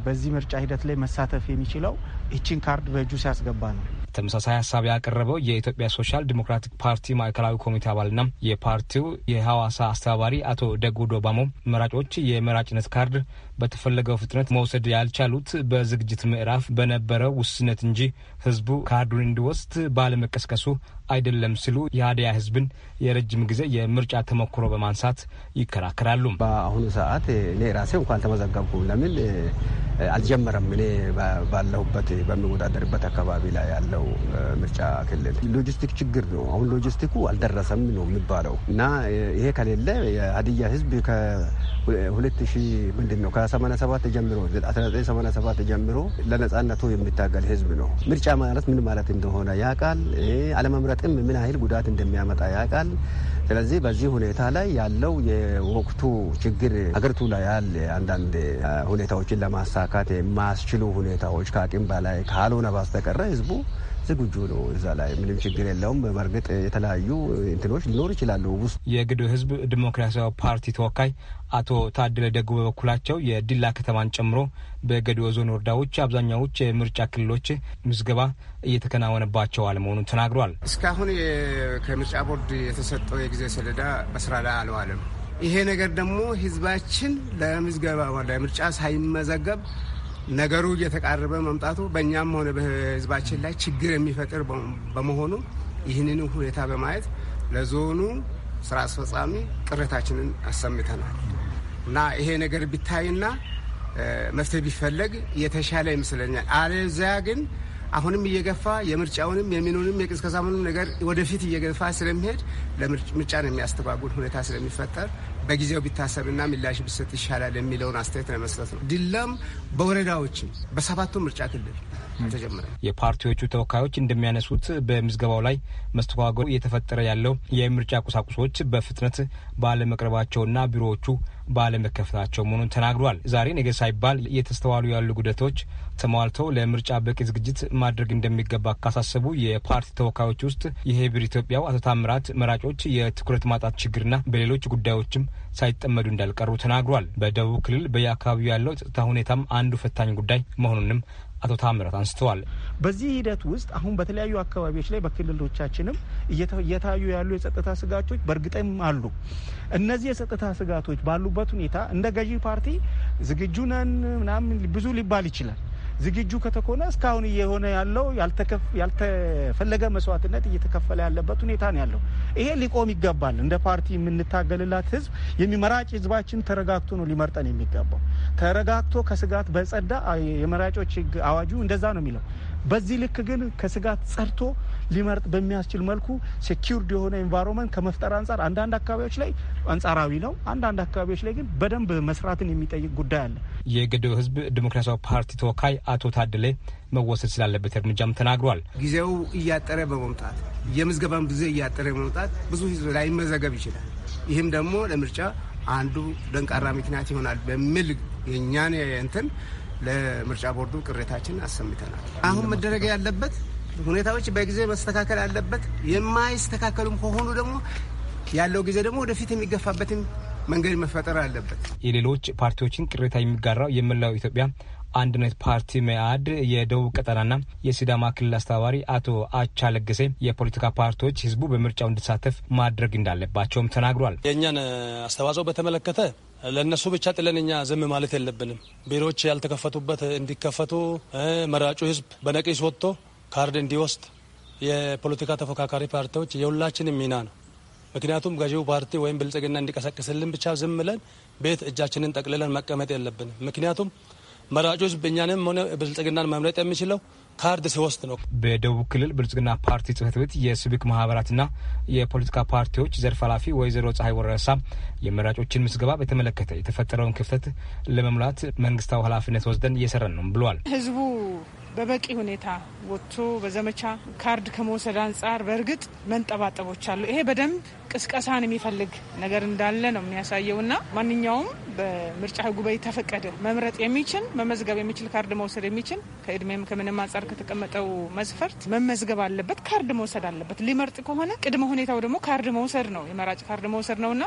በዚህ ምርጫ ሂደት ላይ መሳተፍ የሚችለው ይችን ካርድ በእጁ ሲያስገባ ነው። ተመሳሳይ ሀሳብ ያቀረበው የኢትዮጵያ ሶሻል ዲሞክራቲክ ፓርቲ ማዕከላዊ ኮሚቴ አባልና የፓርቲው የሐዋሳ አስተባባሪ አቶ ደጉ ዶባሞ መራጮች የመራጭነት ካርድ በተፈለገው ፍጥነት መውሰድ ያልቻሉት በዝግጅት ምዕራፍ በነበረው ውስነት እንጂ ህዝቡ ካርዱን እንዲወስድ ባለመቀስቀሱ አይደለም ሲሉ የሀዲያ ህዝብን የረጅም ጊዜ የምርጫ ተሞክሮ በማንሳት ይከራከራሉ። በአሁኑ ሰዓት እኔ ራሴ እንኳን ተመዘገብኩ ለምን አልጀመረም? እኔ ባለሁበት በሚወዳደርበት አካባቢ ላይ ያለው ምርጫ ክልል ሎጂስቲክ ችግር ነው። አሁን ሎጂስቲኩ አልደረሰም ነው የሚባለው እና ይሄ ከሌለ የሀዲያ ህዝብ ከሁለት ሺህ ምንድን ነው ከ87 ጀምሮ 1987 ጀምሮ ለነጻነቱ የሚታገል ህዝብ ነው። ምርጫ ማለት ምን ማለት እንደሆነ ያውቃል። አለመምረጥም ምን ያህል ጉዳት እንደሚያመጣ ያውቃል። ስለዚህ በዚህ ሁኔታ ላይ ያለው የወቅቱ ችግር ሀገሪቱ ላይ ያለ አንዳንድ ሁኔታዎችን ለማሳካት የማያስችሉ ሁኔታዎች ከአቅም በላይ ካልሆነ ባስተቀረ ህዝቡ ዝግጁ ነው። እዛ ላይ ምንም ችግር የለውም። በእርግጥ የተለያዩ እንትኖች ሊኖሩ ይችላሉ ውስጥ የግዶ ህዝብ ዲሞክራሲያዊ ፓርቲ ተወካይ አቶ ታደለ ደጉ በበኩላቸው የዲላ ከተማን ጨምሮ በገዲኦ ዞን ወረዳዎች አብዛኛዎች የምርጫ ክልሎች ምዝገባ እየተከናወነባቸው አለመሆኑን ተናግሯል። እስካሁን ከምርጫ ቦርድ የተሰጠው የጊዜ ሰሌዳ በስራ ላይ አልዋለም። ይሄ ነገር ደግሞ ህዝባችን ለምዝገባ ለምርጫ ሳይመዘገብ ነገሩ እየተቃረበ መምጣቱ በእኛም ሆነ በህዝባችን ላይ ችግር የሚፈጥር በመሆኑ ይህንን ሁኔታ በማየት ለዞኑ ስራ አስፈጻሚ ቅሬታችንን አሰምተናል እና ይሄ ነገር ቢታይና መፍትሄ ቢፈለግ የተሻለ ይመስለኛል። አለዚያ ግን አሁንም እየገፋ የምርጫውንም የሚኑንም የቅስቀሳውንም ነገር ወደፊት እየገፋ ስለሚሄድ ለምርጫን ነው የሚያስተጓጉል ሁኔታ ስለሚፈጠር በጊዜው ቢታሰብና ምላሽ ቢሰጥ ይሻላል የሚለውን አስተያየት ለመስጠት ነው። ዲላም በወረዳዎችም በሰባቱ ምርጫ ክልል ተጀመረ። የፓርቲዎቹ ተወካዮች እንደሚያነሱት በምዝገባው ላይ መስተጓጎል እየተፈጠረ ያለው የምርጫ ቁሳቁሶች በፍጥነት ባለመቅረባቸውና ቢሮዎቹ ባለመከፈታቸው መሆኑን ተናግሯል። ዛሬ ነገ ሳይባል እየተስተዋሉ ያሉ ጉደቶች ተሟልተው ለምርጫ በቂ ዝግጅት ማድረግ እንደሚገባ ካሳሰቡ የፓርቲ ተወካዮች ውስጥ የህብር ኢትዮጵያው አቶ ታምራት መራጮች የትኩረት ማጣት ችግርና በሌሎች ጉዳዮችም ሳይጠመዱ እንዳልቀሩ ተናግሯል። በደቡብ ክልል በየአካባቢው ያለው ጸጥታ ሁኔታም አንዱ ፈታኝ ጉዳይ መሆኑንም አቶ ታምራት አንስተዋል። በዚህ ሂደት ውስጥ አሁን በተለያዩ አካባቢዎች ላይ በክልሎቻችንም እየታዩ ያሉ የጸጥታ ስጋቶች በእርግጥም አሉ። እነዚህ የጸጥታ ስጋቶች ባሉበት ሁኔታ እንደ ገዢ ፓርቲ ዝግጁ ነን ምናምን ብዙ ሊባል ይችላል። ዝግጁ ከተኮነ እስካሁን እየሆነ ያለው ያልተፈለገ መስዋዕትነት እየተከፈለ ያለበት ሁኔታ ነው ያለው። ይሄ ሊቆም ይገባል። እንደ ፓርቲ የምንታገልላት ህዝብ የሚመራጭ ህዝባችን ተረጋግቶ ነው ሊመርጠን የሚገባው። ተረጋግቶ ከስጋት በጸዳ የመራጮች ህግ አዋጁ እንደዛ ነው የሚለው በዚህ ልክ ግን ከስጋት ጸድቶ ሊመርጥ በሚያስችል መልኩ ሴኪርድ የሆነ ኤንቫይሮንመንት ከመፍጠር አንጻር አንዳንድ አካባቢዎች ላይ አንጻራዊ ነው። አንዳንድ አካባቢዎች ላይ ግን በደንብ መስራትን የሚጠይቅ ጉዳይ አለ። የገዲኦ ህዝብ ዲሞክራሲያዊ ፓርቲ ተወካይ አቶ ታደለ መወሰድ ስላለበት እርምጃም ተናግሯል። ጊዜው እያጠረ በመምጣት የምዝገባም ጊዜ እያጠረ በመምጣት ብዙ ላይ መዘገብ ይችላል። ይህም ደግሞ ለምርጫ አንዱ ደንቃራ ምክንያት ይሆናል በሚል የእኛን እንትን ለምርጫ ቦርዱ ቅሬታችን አሰምተናል። አሁን መደረግ ያለበት ሁኔታዎች በጊዜ መስተካከል አለበት። የማይስተካከሉም ከሆኑ ደግሞ ያለው ጊዜ ደግሞ ወደፊት የሚገፋበትን መንገድ መፈጠር አለበት። የሌሎች ፓርቲዎችን ቅሬታ የሚጋራው የመላው ኢትዮጵያ አንድነት ፓርቲ መኢአድ የደቡብ ቀጠናና የሲዳማ ክልል አስተባባሪ አቶ አቻ ለገሴ የፖለቲካ ፓርቲዎች ህዝቡ በምርጫው እንዲሳተፍ ማድረግ እንዳለባቸውም ተናግሯል። የእኛን አስተዋጽኦ በተመለከተ ለእነሱ ብቻ ጥለን እኛ ዝም ማለት የለብንም። ቢሮዎች ያልተከፈቱበት እንዲከፈቱ፣ መራጩ ህዝብ በነቂስ ወጥቶ ካርድ እንዲወስድ የፖለቲካ ተፎካካሪ ፓርቲዎች የሁላችንም ሚና ነው። ምክንያቱም ገዢው ፓርቲ ወይም ብልጽግና እንዲቀሰቅስልን ብቻ ዝም ብለን ቤት እጃችንን ጠቅልለን መቀመጥ የለብንም። ምክንያቱም መራጩ ህዝብ እኛንም ሆነ ብልጽግናን መምረጥ የሚችለው ካርድ ሲወስድ ነው። በደቡብ ክልል ብልጽግና ፓርቲ ጽህፈት ቤት የሲቪክ ማህበራትና የፖለቲካ ፓርቲዎች ዘርፍ ኃላፊ ወይዘሮ ፀሐይ ወረሳ የመራጮችን ምዝገባ በተመለከተ የተፈጠረውን ክፍተት ለመሙላት መንግስታዊ ኃላፊነት ወስደን እየሰራን ነው ብሏል። ህዝቡ በበቂ ሁኔታ ወጥቶ በዘመቻ ካርድ ከመውሰድ አንጻር በእርግጥ መንጠባጠቦች አሉ። ይሄ በደንብ ቅስቀሳን የሚፈልግ ነገር እንዳለ ነው የሚያሳየው እና ማንኛውም በምርጫ ጉባኤ ተፈቀደ መምረጥ የሚችል መመዝገብ የሚችል ካርድ መውሰድ የሚችል ከእድሜም ከምንም አንጻር ከተቀመጠው መስፈርት መመዝገብ አለበት፣ ካርድ መውሰድ አለበት። ሊመርጥ ከሆነ ቅድመ ሁኔታው ደግሞ ካርድ መውሰድ ነው፣ የመራጭ ካርድ መውሰድ ነው እና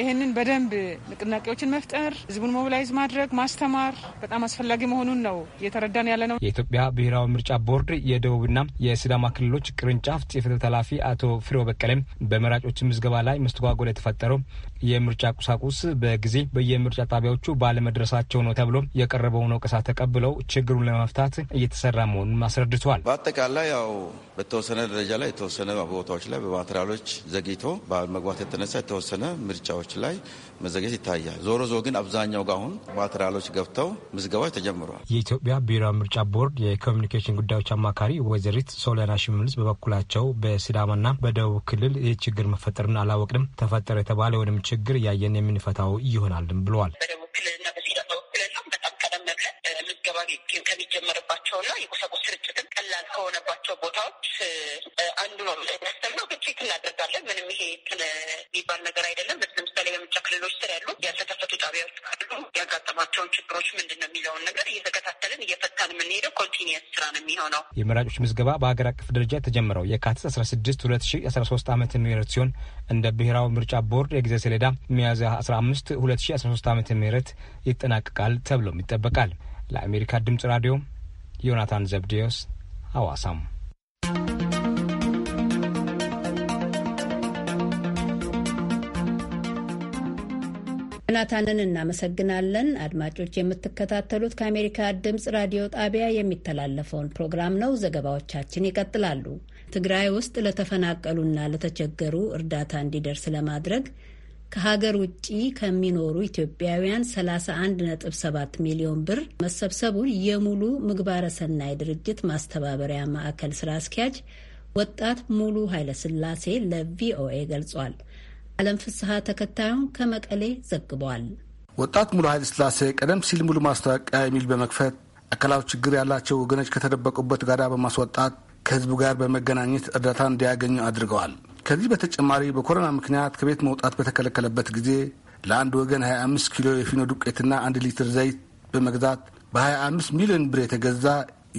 ይህንን በደንብ ንቅናቄዎችን መፍጠር፣ ህዝቡን ሞቢላይዝ ማድረግ፣ ማስተማር በጣም አስፈላጊ መሆኑን ነው እየተረዳን ያለ ነው። የኢትዮጵያ ብሔራዊ ምርጫ ቦርድ የደቡብና የሲዳማ ክልሎች ቅርንጫፍ ጽሕፈት ኃላፊ አቶ ፍሬው በቀለም በመራጮች ምዝገባ ላይ መስተጓጎል የተፈጠረው የምርጫ ቁሳቁስ በጊዜ በየምርጫ ጣቢያዎቹ ባለመድረሳቸው ነው ተብሎ የቀረበውን ወቀሳ ተቀብለው ችግሩን ለመፍታት እየተሰራ መሆኑን አስረድተዋል። በአጠቃላይ ያው በተወሰነ ደረጃ ላይ የተወሰነ ቦታዎች ላይ በማቴሪያሎች ዘግይቶ በመግባት የተነሳ የተወሰነ ምርጫዎች ላይ መዘግየት ይታያል። ዞሮ ዞ ግን አብዛኛው ጋር አሁን ማቴሪያሎች ገብተው ምዝገባዎች ተጀምረዋል። የኢትዮጵያ ብሔራዊ ምርጫ ቦርድ የኮሚኒኬሽን ጉዳዮች አማካሪ ወይዘሪት ሶሊያና ሽምልስ በበኩላቸው በሲዳማና በደቡብ ክልል ይህ ችግር መፈጠሩን አላወቅንም፣ ተፈጠረ ወደም ችግር እያየን የምንፈታው ይሆናልም ብለዋል። ከሚጀመርባቸውና የቁሳቁስ ቀላል ከሆነባቸው ቦታዎች አንዱ ነው። ያስተምነው ግጭት እናደርጋለን። ምንም ይሄ የሚባል ነገር አይደለም። ክልሎች ስር ያሉ ያልተከፈቱ ጣቢያዎች ካሉ ያጋጠማቸውን ችግሮች ምንድን ነው የሚለውን ነገር እየተከታተልን እየፈታን የምንሄደው ኮንቲኒየስ ስራ ነው የሚሆነው። የመራጮች ምዝገባ በሀገር አቀፍ ደረጃ የተጀመረው የካቲት አስራ ስድስት ሁለት ሺ አስራ ሶስት ምህረት ሲሆን እንደ ብሔራዊ ምርጫ ቦርድ የጊዜ ሰሌዳ ሚያዝያ አስራ አምስት ሁለት ሺ አስራ ሶስት ምህረት ይጠናቀቃል ተብሎም ይጠበቃል። ለአሜሪካ ድምጽ ራዲዮ ዮናታን ዘብዴዎስ አዋሳም። ዮናታንን እናመሰግናለን። አድማጮች የምትከታተሉት ከአሜሪካ ድምፅ ራዲዮ ጣቢያ የሚተላለፈውን ፕሮግራም ነው። ዘገባዎቻችን ይቀጥላሉ። ትግራይ ውስጥ ለተፈናቀሉና ለተቸገሩ እርዳታ እንዲደርስ ለማድረግ ከሀገር ውጭ ከሚኖሩ ኢትዮጵያውያን 31.7 ሚሊዮን ብር መሰብሰቡን የሙሉ ምግባረ ሰናይ ድርጅት ማስተባበሪያ ማዕከል ስራ አስኪያጅ ወጣት ሙሉ ኃይለስላሴ ለቪኦኤ ገልጿል። ዓለም ፍስሐ ተከታዩን ከመቀሌ ዘግቧል። ወጣት ሙሉ ኃይለ ስላሴ ቀደም ሲል ሙሉ ማስታወቂያ የሚል በመክፈት አካላዊ ችግር ያላቸው ወገኖች ከተደበቁበት ጋዳ በማስወጣት ከህዝቡ ጋር በመገናኘት እርዳታ እንዲያገኙ አድርገዋል። ከዚህ በተጨማሪ በኮሮና ምክንያት ከቤት መውጣት በተከለከለበት ጊዜ ለአንድ ወገን 25 ኪሎ የፊኖ ዱቄትና አንድ ሊትር ዘይት በመግዛት በ25 ሚሊዮን ብር የተገዛ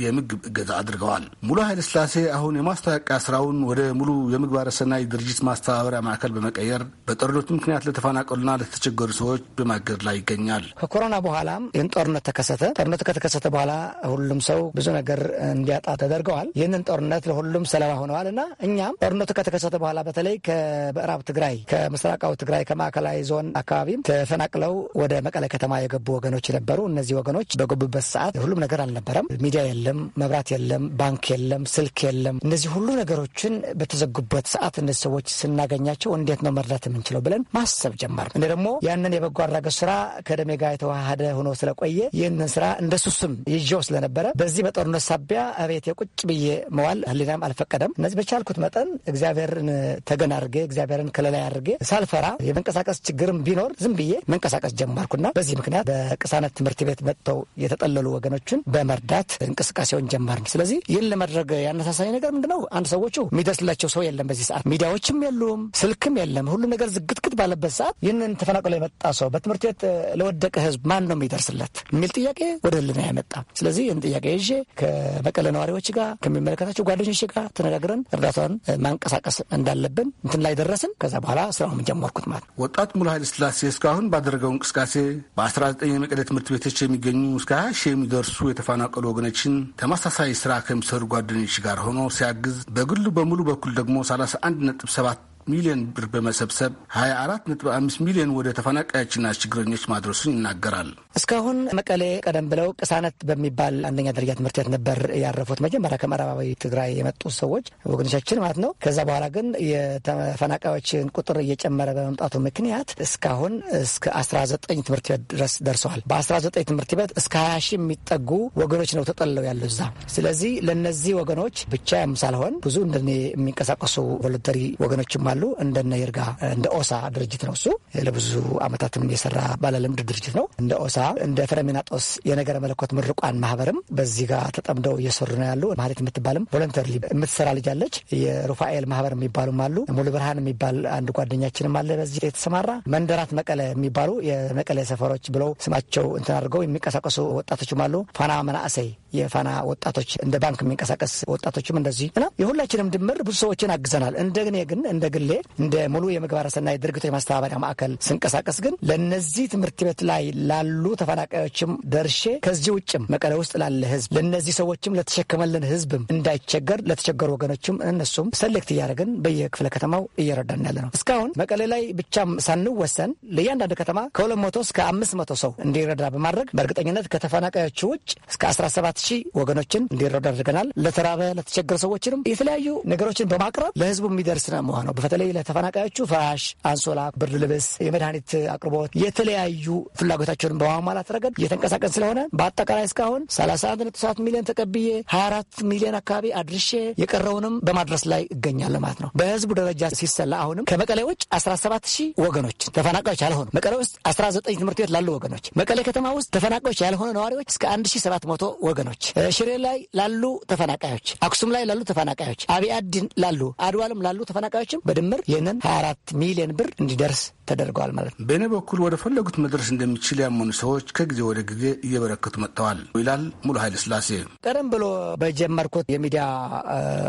የምግብ እገዛ አድርገዋል። ሙሉ ኃይለስላሴ አሁን የማስታወቂያ ስራውን ወደ ሙሉ የምግባረ ሰናይ ድርጅት ማስተባበሪያ ማዕከል በመቀየር በጦርነቱ ምክንያት ለተፈናቀሉና ለተቸገሩ ሰዎች በማገድ ላይ ይገኛል። ከኮሮና በኋላም ይህን ጦርነት ተከሰተ። ጦርነቱ ከተከሰተ በኋላ ሁሉም ሰው ብዙ ነገር እንዲያጣ ተደርገዋል። ይህንን ጦርነት ለሁሉም ሰለባ ሆነዋል እና እኛም ጦርነቱ ከተከሰተ በኋላ በተለይ ከምዕራብ ትግራይ፣ ከምስራቃዊ ትግራይ፣ ከማዕከላዊ ዞን አካባቢም ተፈናቅለው ወደ መቀለ ከተማ የገቡ ወገኖች ነበሩ። እነዚህ ወገኖች በገቡበት ሰዓት ሁሉም ነገር አልነበረም። ሚዲያ የለ የለም፣ መብራት የለም፣ ባንክ የለም፣ ስልክ የለም። እነዚህ ሁሉ ነገሮችን በተዘጉበት ሰዓት እነዚህ ሰዎች ስናገኛቸው እንዴት ነው መርዳት የምንችለው ብለን ማሰብ ጀመር። እኔ ደግሞ ያንን የበጎ አድራጎት ስራ ከደሜ ጋር የተዋሃደ ሆኖ ስለቆየ ይህንን ስራ እንደ ሱስም ይዤው ስለነበረ በዚህ በጦርነት ሳቢያ እቤቴ ቁጭ ብዬ መዋል ህሊናም አልፈቀደም። እነዚህ በቻልኩት መጠን እግዚአብሔርን ተገን አድርጌ እግዚአብሔርን ከለላይ አድርጌ ሳልፈራ የመንቀሳቀስ ችግርም ቢኖር ዝም ብዬ መንቀሳቀስ ጀመርኩና በዚህ ምክንያት በቅሳነት ትምህርት ቤት መጥተው የተጠለሉ ወገኖችን በመርዳት እንቅስቃሴ እንቅስቃሴውን ጀመርን። ስለዚህ ይህን ለማድረግ ያነሳሳኝ ነገር ምንድነው? አንድ ሰዎቹ የሚደርስላቸው ሰው የለም። በዚህ ሰዓት ሚዲያዎችም የሉም፣ ስልክም የለም። ሁሉም ነገር ዝግትግት ባለበት ሰዓት ይህንን ተፈናቅሎ የመጣ ሰው በትምህርት ቤት ለወደቀ ህዝብ ማን ነው የሚደርስለት የሚል ጥያቄ ወደ ልና ያመጣ። ስለዚህ ይህን ጥያቄ ይዤ ከመቀለ ነዋሪዎች ጋር ከሚመለከታቸው ጓደኞች ጋር ተነጋግረን እርዳታን ማንቀሳቀስ እንዳለብን እንትን ላይ ደረስን። ከዛ በኋላ ስራውን ጀመርኩት ማለት ነው። ወጣት ሙሉ ኃይለ ስላሴ እስካሁን ባደረገው እንቅስቃሴ በ19 የመቀለ ትምህርት ቤቶች የሚገኙ እስከ ሀያ ሺህ የሚደርሱ የተፈናቀሉ ወገኖችን ተመሳሳይ ስራ ከሚሰሩ ጓደኞች ጋር ሆኖ ሲያግዝ፣ በግሉ በሙሉ በኩል ደግሞ 31.7 ሚሊዮን ብር በመሰብሰብ 24.5 ሚሊዮን ወደ ተፈናቃዮችና ችግረኞች ማድረሱን ይናገራል። እስካሁን መቀሌ ቀደም ብለው ቅሳነት በሚባል አንደኛ ደረጃ ትምህርት ቤት ነበር ያረፉት መጀመሪያ ከምዕራባዊ ትግራይ የመጡ ሰዎች ወገኖቻችን ማለት ነው። ከዛ በኋላ ግን የተፈናቃዮችን ቁጥር እየጨመረ በመምጣቱ ምክንያት እስካሁን እስከ 19 ትምህርት ቤት ድረስ ደርሰዋል። በ19 ትምህርት ቤት እስከ 20 ሺህ የሚጠጉ ወገኖች ነው ተጠልለው ያሉ እዛ። ስለዚህ ለነዚህ ወገኖች ብቻ ሳልሆን ብዙ እንደኔ የሚንቀሳቀሱ ቮለንተሪ ወገኖችም አሉ አሉ። እንደነ ይርጋ እንደ ኦሳ ድርጅት ነው እሱ ለብዙ አመታትም የሰራ ባለልምድ ድርጅት ነው። እንደ ኦሳ እንደ ፍሬምናጦስ የነገረ መለኮት ምርቋን ማህበርም በዚህ ጋር ተጠምደው እየሰሩ ነው ያሉ። ማለት የምትባልም ቮለንተሪ የምትሰራ ልጅ አለች። የሩፋኤል ማህበር የሚባሉም አሉ። ሙሉ ብርሃን የሚባል አንድ ጓደኛችንም አለ በዚህ የተሰማራ። መንደራት መቀለ የሚባሉ የመቀለ ሰፈሮች ብለው ስማቸው እንትን አድርገው የሚንቀሳቀሱ ወጣቶችም አሉ። ፋና መናእሰይ የፋና ወጣቶች እንደ ባንክ የሚንቀሳቀስ ወጣቶችም እንደዚህ እና የሁላችንም ድምር ብዙ ሰዎችን አግዘናል። እንደኔ ግን እንደ ግሌ እንደ ሙሉ የምግባረ ሰናይ ድርጊቶች ማስተባበሪያ ማዕከል ስንቀሳቀስ ግን ለነዚህ ትምህርት ቤት ላይ ላሉ ተፈናቃዮችም ደርሼ ከዚህ ውጭም መቀለ ውስጥ ላለ ህዝብ ለነዚህ ሰዎችም ለተሸከመልን ህዝብም እንዳይቸገር ለተቸገሩ ወገኖችም እነሱም ሰሌክት እያደረግን በየክፍለ ከተማው እየረዳን ያለ ነው። እስካሁን መቀሌ ላይ ብቻም ሳንወሰን ለእያንዳንዱ ከተማ ከሁለት መቶ እስከ አምስት መቶ ሰው እንዲረዳ በማድረግ በእርግጠኝነት ከተፈናቃዮች ውጭ እስከ አስራ ሰባት አራት ሺህ ወገኖችን እንዲረዱ አድርገናል። ለተራበ ለተቸገረ ሰዎችንም የተለያዩ ነገሮችን በማቅረብ ለህዝቡ የሚደርስ ነው መሆነው በተለይ ለተፈናቃዮቹ ፍራሽ፣ አንሶላ፣ ብርድ ልብስ፣ የመድኃኒት አቅርቦት የተለያዩ ፍላጎታቸውን በማሟላት ረገድ እየተንቀሳቀስ ስለሆነ በአጠቃላይ እስካሁን 31.7 ሚሊዮን ተቀብዬ 24 ሚሊዮን አካባቢ አድርሼ የቀረውንም በማድረስ ላይ ይገኛል ማለት ነው። በህዝቡ ደረጃ ሲሰላ አሁንም ከመቀሌ ውጭ 17 ሺህ ወገኖች ተፈናቃዮች ያልሆኑ መቀሌ ውስጥ 19 ትምህርት ቤት ላሉ ወገኖች መቀሌ ከተማ ውስጥ ተፈናቃዮች ያልሆኑ ነዋሪዎች እስከ 1700 ወገኖች ወገኖች፣ ሽሬ ላይ ላሉ ተፈናቃዮች፣ አክሱም ላይ ላሉ ተፈናቃዮች፣ አብአዲን ላሉ አድዋልም ላሉ ተፈናቃዮችም በድምር ይህንን 24 ሚሊዮን ብር እንዲደርስ ተደርገዋል ማለት ነው። በእኔ በኩል ወደ ፈለጉት መድረስ እንደሚችል ያመኑ ሰዎች ከጊዜ ወደ ጊዜ እየበረከቱ መጥተዋል ይላል ሙሉ ኃይለ ስላሴ። ቀደም ብሎ በጀመርኩት የሚዲያ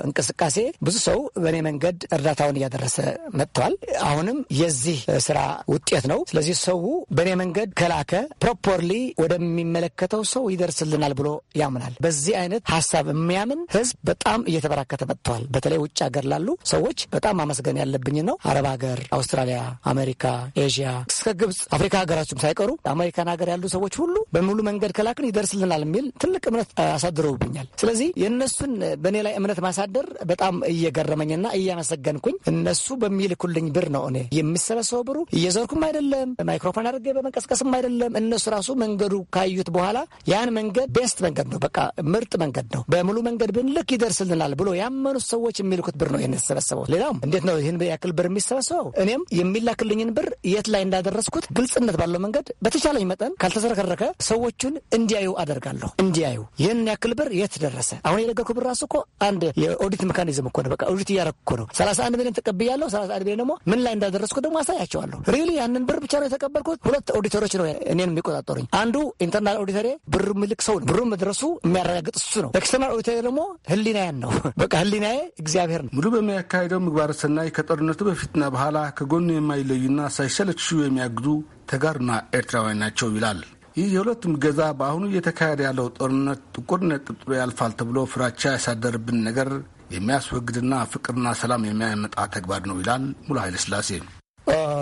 እንቅስቃሴ ብዙ ሰው በእኔ መንገድ እርዳታውን እያደረሰ መጥተዋል። አሁንም የዚህ ስራ ውጤት ነው። ስለዚህ ሰው በእኔ መንገድ ከላከ ፕሮፖርሊ ወደሚመለከተው ሰው ይደርስልናል ብሎ ያምናል። በዚህ አይነት ሀሳብ የሚያምን ህዝብ በጣም እየተበራከተ መጥተዋል። በተለይ ውጭ ሀገር ላሉ ሰዎች በጣም አመስገን ያለብኝ ነው። አረብ ሀገር፣ አውስትራሊያ፣ አሜሪካ ኤዥያ፣ እስከ ግብጽ፣ አፍሪካ ሀገራችም ሳይቀሩ አሜሪካን ሀገር ያሉ ሰዎች ሁሉ በሙሉ መንገድ ከላክን ይደርስልናል የሚል ትልቅ እምነት አሳድረውብኛል። ስለዚህ የእነሱን በእኔ ላይ እምነት ማሳደር በጣም እየገረመኝና እያመሰገንኩኝ እነሱ በሚልኩልኝ ብር ነው እኔ የሚሰበሰበው ብሩ። እየዘርኩም አይደለም ማይክሮፎን አድርጌ በመንቀስቀስም አይደለም። እነሱ ራሱ መንገዱ ካዩት በኋላ ያን መንገድ ቤስት መንገድ ነው፣ በቃ ምርጥ መንገድ ነው፣ በሙሉ መንገድ ብንልክ ይደርስልናል ብሎ ያመኑት ሰዎች የሚልኩት ብር ነው የተሰበሰበው። ሌላውም እንዴት ነው ይህን ያክል ብር የሚሰበሰበው? እኔም የሚላክልኝን ብር የት ላይ እንዳደረስኩት ግልጽነት ባለው መንገድ በተቻለኝ መጠን ካልተዘረከረከ ሰዎቹን እንዲያዩ አደርጋለሁ። እንዲያዩ ይህን ያክል ብር የት ደረሰ። አሁን የነገርኩህ ብር ራሱ እኮ አንድ የኦዲት መካኒዝም እኮ ነው። በቃ ኦዲት እያደረኩ እኮ ነው። ሰላሳ አንድ ሚሊዮን ተቀብያለሁ። ሰላሳ አንድ ሚሊዮን ደግሞ ምን ላይ እንዳደረስኩ ደግሞ አሳያቸዋለሁ። ሪሊ ያንን ብር ብቻ ነው የተቀበልኩት። ሁለት ኦዲተሮች ነው እኔን የሚቆጣጠሩኝ። አንዱ ኢንተርናል ኦዲተሬ ብር ምልክ ሰው ነው። ብሩ መድረሱ የሚያረጋግጥ እሱ ነው። ኤክስተርናል ኦዲተሬ ደግሞ ህሊናዬን ነው። [LAUGHS] በቃ ህሊናዬ እግዚአብሔር ነው። ሙሉ በሚያካሄደው ምግባረ ሰናይ ከጦርነቱ በፊትና በኋላ ከጎኑ የማይለዩና ሳይሰለቹ የሚያግዱ ተጋርና ኤርትራውያን ናቸው ይላል። ይህ የሁለቱም ገዛ በአሁኑ እየተካሄደ ያለው ጦርነት ጥቁርነት ጥጥሎ ያልፋል ተብሎ ፍራቻ ያሳደርብን ነገር የሚያስወግድና ፍቅርና ሰላም የሚያመጣ ተግባር ነው ይላል ሙሉ ኃይለ ስላሴ።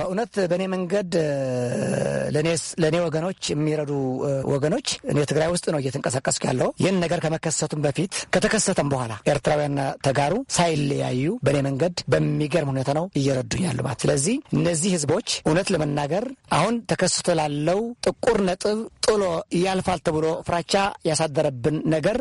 እውነት በእኔ መንገድ ለእኔ ወገኖች የሚረዱ ወገኖች እኔ ትግራይ ውስጥ ነው እየተንቀሳቀስኩ ያለው። ይህን ነገር ከመከሰቱም በፊት ከተከሰተም በኋላ ኤርትራውያንና ተጋሩ ሳይለያዩ በእኔ መንገድ በሚገርም ሁኔታ ነው እየረዱ ያሉ ማለት። ስለዚህ እነዚህ ህዝቦች እውነት ለመናገር አሁን ተከስቶ ላለው ጥቁር ነጥብ ጥሎ ያልፋል ተብሎ ፍራቻ ያሳደረብን ነገር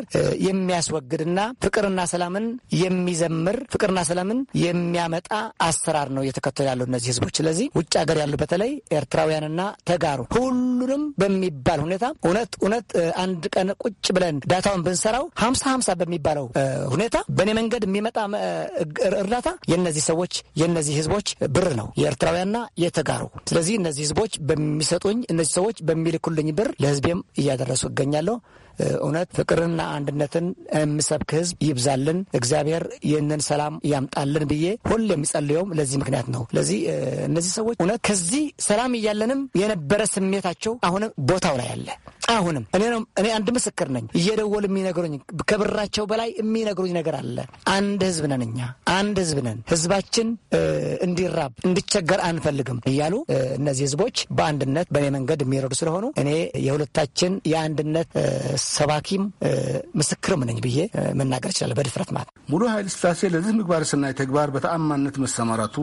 የሚያስወግድና ፍቅርና ሰላምን የሚዘምር ፍቅርና ሰላምን የሚያመጣ አሰራር ነው እየተከተሉ ያለው እነዚህ ህዝቦች። ስለዚህ ውጭ ሀገር ያሉ በተለይ ኤርትራውያንና ተጋሩ ሁሉንም በሚባል ሁኔታ እውነት እውነት አንድ ቀን ቁጭ ብለን ዳታውን ብንሰራው ሀምሳ ሀምሳ በሚባለው ሁኔታ በእኔ መንገድ የሚመጣ እርዳታ የነዚህ ሰዎች የነዚህ ህዝቦች ብር ነው የኤርትራውያንና የተጋሩ። ስለዚህ እነዚህ ህዝቦች በሚሰጡኝ እነዚህ ሰዎች በሚልኩልኝ ብር ለህዝቤም እያደረሱ እገኛለሁ። እውነት ፍቅርና አንድነትን የምሰብክ ህዝብ ይብዛልን፣ እግዚአብሔር ይህንን ሰላም ያምጣልን ብዬ ሁሌ የሚጸልየውም ለዚህ ምክንያት ነው። ለዚህ እነዚህ ሰዎች እውነት ከዚህ ሰላም እያለንም የነበረ ስሜታቸው አሁንም ቦታው ላይ አለ። አሁንም እኔ ነው እኔ አንድ ምስክር ነኝ። እየደወሉ የሚነግሩኝ ከብራቸው በላይ የሚነግሩኝ ነገር አለ። አንድ ህዝብ ነን እኛ አንድ ህዝብ ነን። ህዝባችን እንዲራብ እንዲቸገር አንፈልግም እያሉ እነዚህ ህዝቦች በአንድነት በእኔ መንገድ የሚረዱ ስለሆኑ እኔ የሁለታችን የአንድነት ሰባኪም ምስክርም ነኝ ብዬ መናገር እችላለሁ በድፍረት ማለት ሙሉ ኃይል ስላሴ ለዚህ ምግባር ስናይ ተግባር በተአማንነት መሰማራቱ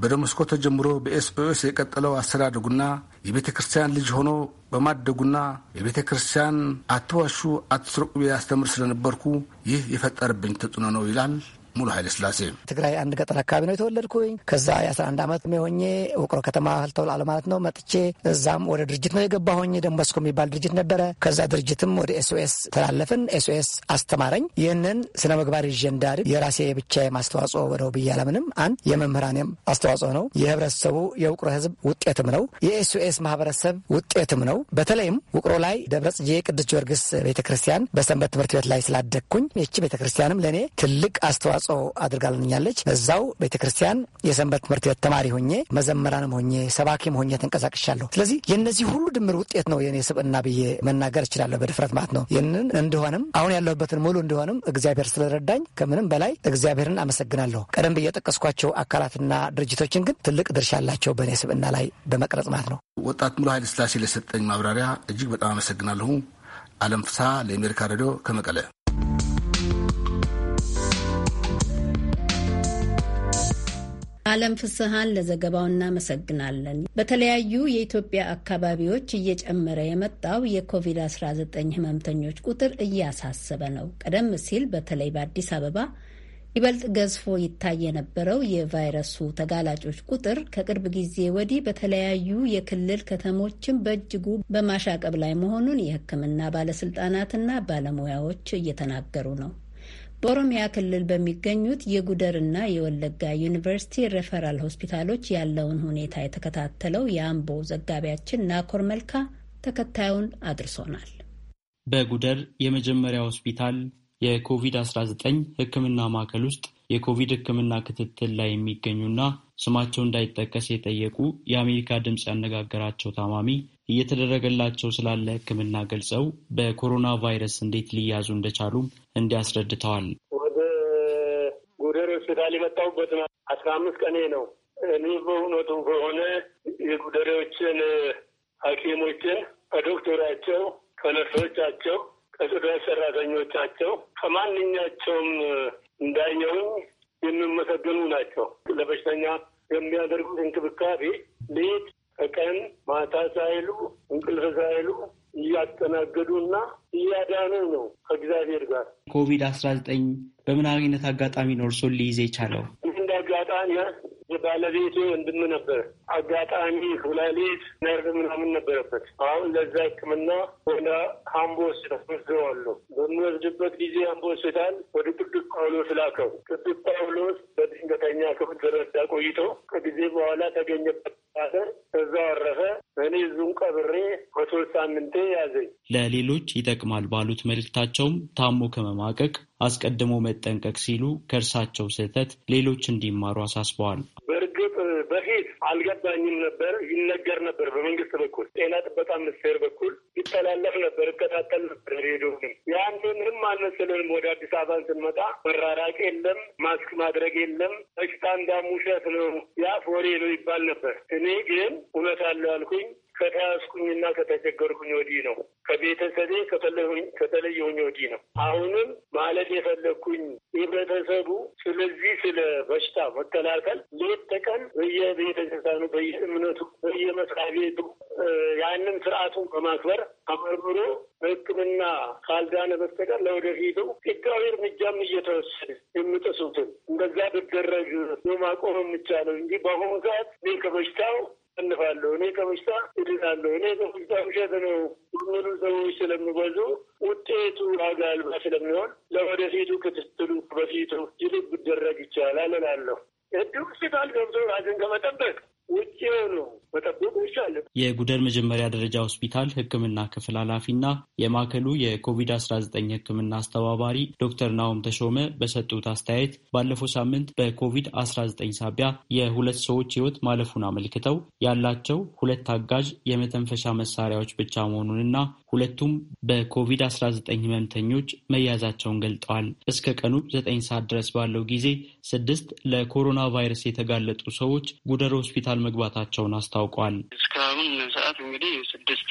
በደመስኮ ተጀምሮ በኤስጴኦስ የቀጠለው አስተዳደጉና የቤተ ክርስቲያን ልጅ ሆኖ በማደጉና የቤተ ክርስቲያን አትዋሹ፣ አትስርቁ ያስተምር ስለነበርኩ ይህ የፈጠርብኝ ተጽዕኖ ነው ይላል ሙሉ ኃይለስላሴ ትግራይ አንድ ገጠር አካባቢ ነው የተወለድኩኝ። ከዛ የ11 ዓመት ሆኜ ውቅሮ ከተማ አልተውላለ ማለት ነው መጥቼ እዛም ወደ ድርጅት ነው የገባ ሆኜ ደንበስኮ የሚባል ድርጅት ነበረ። ከዛ ድርጅትም ወደ ኤስኦኤስ ተላለፍን። ኤስኦኤስ አስተማረኝ። ይህንን ስነ ምግባር ይዤ እንዳድግ የራሴ ብቻ ማስተዋጽኦ ወደው ብያለ ምንም አንድ የመምህራኔም አስተዋጽኦ ነው። የህብረተሰቡ የውቅሮ ህዝብ ውጤትም ነው። የኤስኦኤስ ማህበረሰብ ውጤትም ነው። በተለይም ውቅሮ ላይ ደብረጽጌ ቅዱስ ጊዮርጊስ ቤተክርስቲያን በሰንበት ትምህርት ቤት ላይ ስላደግኩኝ ይቺ ቤተክርስቲያንም ለእኔ ትልቅ አስተዋጽኦ አስተዋጽኦ አድርጋልኛለች። እዛው ቤተ ክርስቲያን የሰንበት ትምህርት ቤት ተማሪ ሆኜ መዘመራንም ሆኜ ሰባኪም ሆኜ ተንቀሳቅሻለሁ። ስለዚህ የእነዚህ ሁሉ ድምር ውጤት ነው የኔ ስብዕና ብዬ መናገር እችላለሁ በድፍረት ማለት ነው። ይህንን እንደሆንም አሁን ያለሁበትን ሙሉ እንደሆንም እግዚአብሔር ስለረዳኝ ከምንም በላይ እግዚአብሔርን አመሰግናለሁ። ቀደም ብዬ የጠቀስኳቸው አካላትና ድርጅቶችን ግን ትልቅ ድርሻ አላቸው በእኔ ስብዕና ላይ በመቅረጽ ማለት ነው። ወጣት ሙሉ ኃይለ ስላሴ ለሰጠኝ ማብራሪያ እጅግ በጣም አመሰግናለሁ። አለም ፍስሐ ለአሜሪካ ሬዲዮ ከመቀለ አለም ፍስሐን ለዘገባው እናመሰግናለን። በተለያዩ የኢትዮጵያ አካባቢዎች እየጨመረ የመጣው የኮቪድ-19 ህመምተኞች ቁጥር እያሳሰበ ነው። ቀደም ሲል በተለይ በአዲስ አበባ ይበልጥ ገዝፎ ይታይ የነበረው የቫይረሱ ተጋላጮች ቁጥር ከቅርብ ጊዜ ወዲህ በተለያዩ የክልል ከተሞችን በእጅጉ በማሻቀብ ላይ መሆኑን የሕክምና ባለስልጣናትና ባለሙያዎች እየተናገሩ ነው። በኦሮሚያ ክልል በሚገኙት የጉደርና የወለጋ ዩኒቨርሲቲ ሬፈራል ሆስፒታሎች ያለውን ሁኔታ የተከታተለው የአምቦ ዘጋቢያችን ናኮር መልካ ተከታዩን አድርሶናል። በጉደር የመጀመሪያ ሆስፒታል የኮቪድ-19 ሕክምና ማዕከል ውስጥ የኮቪድ ሕክምና ክትትል ላይ የሚገኙና ስማቸው እንዳይጠቀስ የጠየቁ የአሜሪካ ድምፅ ያነጋገራቸው ታማሚ እየተደረገላቸው ስላለ ሕክምና ገልጸው በኮሮና ቫይረስ እንዴት ሊያዙ እንደቻሉም እንዲያስረድተዋል። ወደ ጉደር ሆስፒታል የመጣሁበት አስራ አምስት ቀኔ ነው። እኔ በእውነቱ ከሆነ የጉደሬዎችን ሐኪሞችን ከዶክተራቸው፣ ከነርሶቻቸው፣ ከጽዳት ሰራተኞቻቸው ከማንኛቸውም እንዳየሁኝ የሚመሰገኑ ናቸው። ለበሽተኛ የሚያደርጉት እንክብካቤ ሌት ከቀን ማታ ሳይሉ እንቅልፍ ሳይሉ እያስተናገዱና እያዳኑ ነው ከእግዚአብሔር ጋር። ኮቪድ አስራ ዘጠኝ በምን አይነት አጋጣሚ ነው ሊይዘ ሊይዝ የቻለው? እንደ አጋጣሚ ባለቤቱ ወንድም ነበር። አጋጣሚ ኩላሊት ነርቭ ምናምን ነበረበት። አሁን ለዛ ሕክምና ወደ ሀምቦ ሆስፒታል በሚወስድበት ጊዜ አምቦ ሆስፒታል ወደ ቅዱስ ጳውሎስ ላከው። ቅዱስ ጳውሎስ በድንገተኛ ክፍል ተረዳ ቆይቶ ከጊዜ በኋላ ተገኘበት ሀገር እዛ አረፈ። እኔ እዙን ቀብሬ በሶስት ሳምንቴ ያዘኝ። ለሌሎች ይጠቅማል ባሉት መልእክታቸውም ታሞ ከመማቀቅ አስቀድሞ መጠንቀቅ ሲሉ ከእርሳቸው ስህተት ሌሎች እንዲማሩ አሳስበዋል። በእርግጥ በፊት አልገባኝም ነበር። ይነገር ነበር በመንግስት በኩል ጤና ጥበቃ ሚኒስቴር በኩል ይተላለፍ ነበር፣ እከታተል ነበር ሬዲዮ። ግን አልመሰለንም። ወደ አዲስ አበባን ስንመጣ መራራቅ የለም፣ ማስክ ማድረግ የለም፣ በሽታ እንዳሙሸት ነው፣ ያፍ ወሬ ነው ይባል ነበር። እኔ ግን እውነት አለው አልኩኝ። ከተያዝኩኝና ከተቸገርኩኝ ወዲህ ነው። ከቤተሰቤ ከተለየሁኝ ወዲህ ነው። አሁንም ማለት የፈለግኩኝ ህብረተሰቡ ስለዚህ ስለ በሽታ መከላከል ሌት ተቀን በየቤተክርስቲያኑ፣ በየእምነቱ፣ በየመስሪያ ቤቱ ያንን ስርዓቱን በማክበር ተመርምሮ በሕክምና ካልዳነ በስተቀር ለወደፊቱ ሕጋዊ እርምጃም እየተወሰደ የምጥሱትን እንደዛ ብደረግ ማቆም የሚቻለው እንጂ በአሁኑ ሰዓት ከበሽታው አልፋለሁ፣ እኔ ከበሽታ እድናለሁ፣ እኔ ከበሽታ ውሸት ነው የሚሉ ሰዎች ስለሚበዙ ውጤቱ ዋጋ አልባ ስለሚሆን ለወደፊቱ ክትትሉ በፊቱ ይልቅ ቢደረግ ይቻላል እላለሁ። ህግ ሆስፒታል ገብቶ ራስን ከመጠበቅ ውጭ ሆኖ መጠበቁ ይቻላል። የጉደር መጀመሪያ ደረጃ ሆስፒታል ሕክምና ክፍል ኃላፊና የማዕከሉ የኮቪድ አስራ ዘጠኝ ሕክምና አስተባባሪ ዶክተር ናኦም ተሾመ በሰጡት አስተያየት ባለፈው ሳምንት በኮቪድ አስራ ዘጠኝ ሳቢያ የሁለት ሰዎች ሕይወት ማለፉን አመልክተው ያላቸው ሁለት አጋዥ የመተንፈሻ መሳሪያዎች ብቻ መሆኑንና ሁለቱም በኮቪድ-19 ህመምተኞች መያዛቸውን ገልጠዋል። እስከ ቀኑ ዘጠኝ ሰዓት ድረስ ባለው ጊዜ ስድስት ለኮሮና ቫይረስ የተጋለጡ ሰዎች ጉደር ሆስፒታል መግባታቸውን አስታውቀዋል። እስካሁን ሰዓት እንግዲህ ስድስት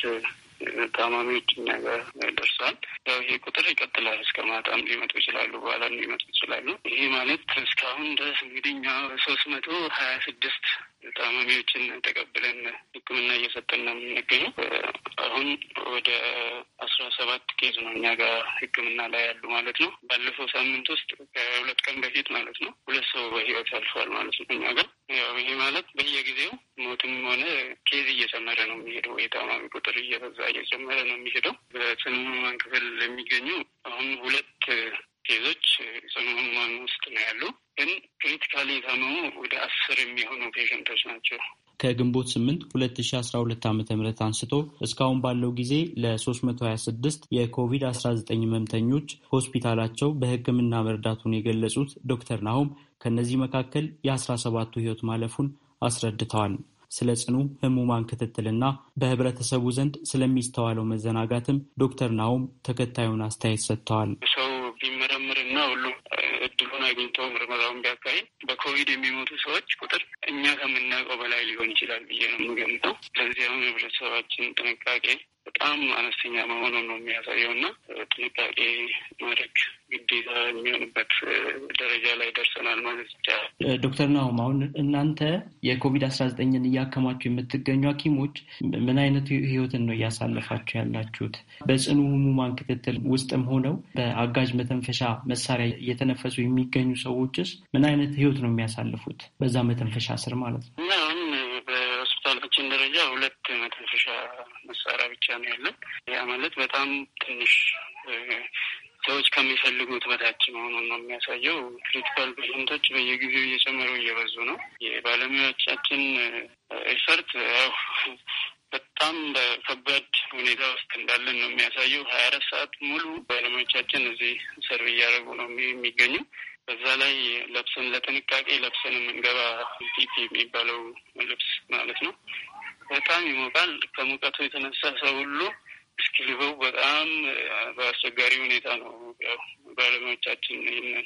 ታማሚዎች እኛ ጋር ደርሰዋል። ያው ይሄ ቁጥር ይቀጥላል። እስከ ማታም ሊመጡ ይችላሉ፣ በኋላ ሊመጡ ይችላሉ። ይሄ ማለት እስካሁን ድረስ እንግዲህ እኛ ሶስት መቶ ሀያ ስድስት ታማሚዎችን ተቀብለን ሕክምና እየሰጠን ነው የምንገኘው። አሁን ወደ አስራ ሰባት ኬዝ ነው እኛ ጋር ሕክምና ላይ ያሉ ማለት ነው። ባለፈው ሳምንት ውስጥ ከሁለት ቀን በፊት ማለት ነው ሁለት ሰው በህይወት አልፏል ማለት ነው እኛ ጋር። ያው ይሄ ማለት በየጊዜው ሞትም ሆነ ኬዝ እየጨመረ ነው የሚሄደው። የታማሚ ቁጥር እየበዛ እየጨመረ ነው የሚሄደው። በጽኑ ሕሙማን ክፍል የሚገኙ አሁን ሁለት ኬዞች ጽኑ ህሙማን ውስጥ ነው ያሉ፣ ግን ክሪቲካሊ የታመሙ ወደ አስር የሚሆኑ ፔሸንቶች ናቸው። ከግንቦት 8 2012 ዓ ም አንስቶ እስካሁን ባለው ጊዜ ለ326 የኮቪድ-19 ህመምተኞች ሆስፒታላቸው በሕክምና መርዳቱን የገለጹት ዶክተር ናሆም ከእነዚህ መካከል የ17ቱ ህይወት ማለፉን አስረድተዋል። ስለ ጽኑ ህሙማን ክትትልና በህብረተሰቡ ዘንድ ስለሚስተዋለው መዘናጋትም ዶክተር ናሆም ተከታዩን አስተያየት ሰጥተዋል። ሰው ቢመራ አግኝተው ምርመራውን ቢያካሂድ በኮቪድ የሚሞቱ ሰዎች ቁጥር እኛ ከምናውቀው በላይ ሊሆን ይችላል ብዬ ነው የምገምተው። ለዚያም ህብረተሰባችን ጥንቃቄ በጣም አነስተኛ መሆኑን ነው የሚያሳየው እና ጥንቃቄ ማድረግ ግዴታ የሚሆንበት ደረጃ ላይ ደርሰናል ማለት ይቻላል። ዶክተር ናሁም አሁን እናንተ የኮቪድ አስራ ዘጠኝን እያከማችሁ የምትገኙ ሐኪሞች ምን አይነት ህይወትን ነው እያሳለፋችሁ ያላችሁት? በጽኑ ህሙማን ክትትል ውስጥም ሆነው በአጋዥ መተንፈሻ መሳሪያ እየተነፈሱ የሚገኙ ሰዎችስ ምን አይነት ህይወት ነው የሚያሳልፉት? በዛ መተንፈሻ ስር ማለት ነው። መሳሪያ ብቻ ነው ያለን። ያ ማለት በጣም ትንሽ ሰዎች ከሚፈልጉት በታች መሆኑን ነው የሚያሳየው። ክሪቲካል ፔሸንቶች በየጊዜው እየጨመሩ እየበዙ ነው። የባለሙያዎቻችን ኤፈርት ያው በጣም በከባድ ሁኔታ ውስጥ እንዳለን ነው የሚያሳየው። ሀያ አራት ሰዓት ሙሉ ባለሙያዎቻችን እዚህ ሰርቭ እያደረጉ ነው የሚገኙ። በዛ ላይ ለብሰን ለጥንቃቄ ለብሰን የምንገባ ፒፒ የሚባለው ልብስ ማለት ነው በጣም ይሞቃል። ከሙቀቱ የተነሳ ሰው ሁሉ እስኪ ልበው በጣም በአስቸጋሪ ሁኔታ ነው ያው ባለሙያዎቻችን ይህንን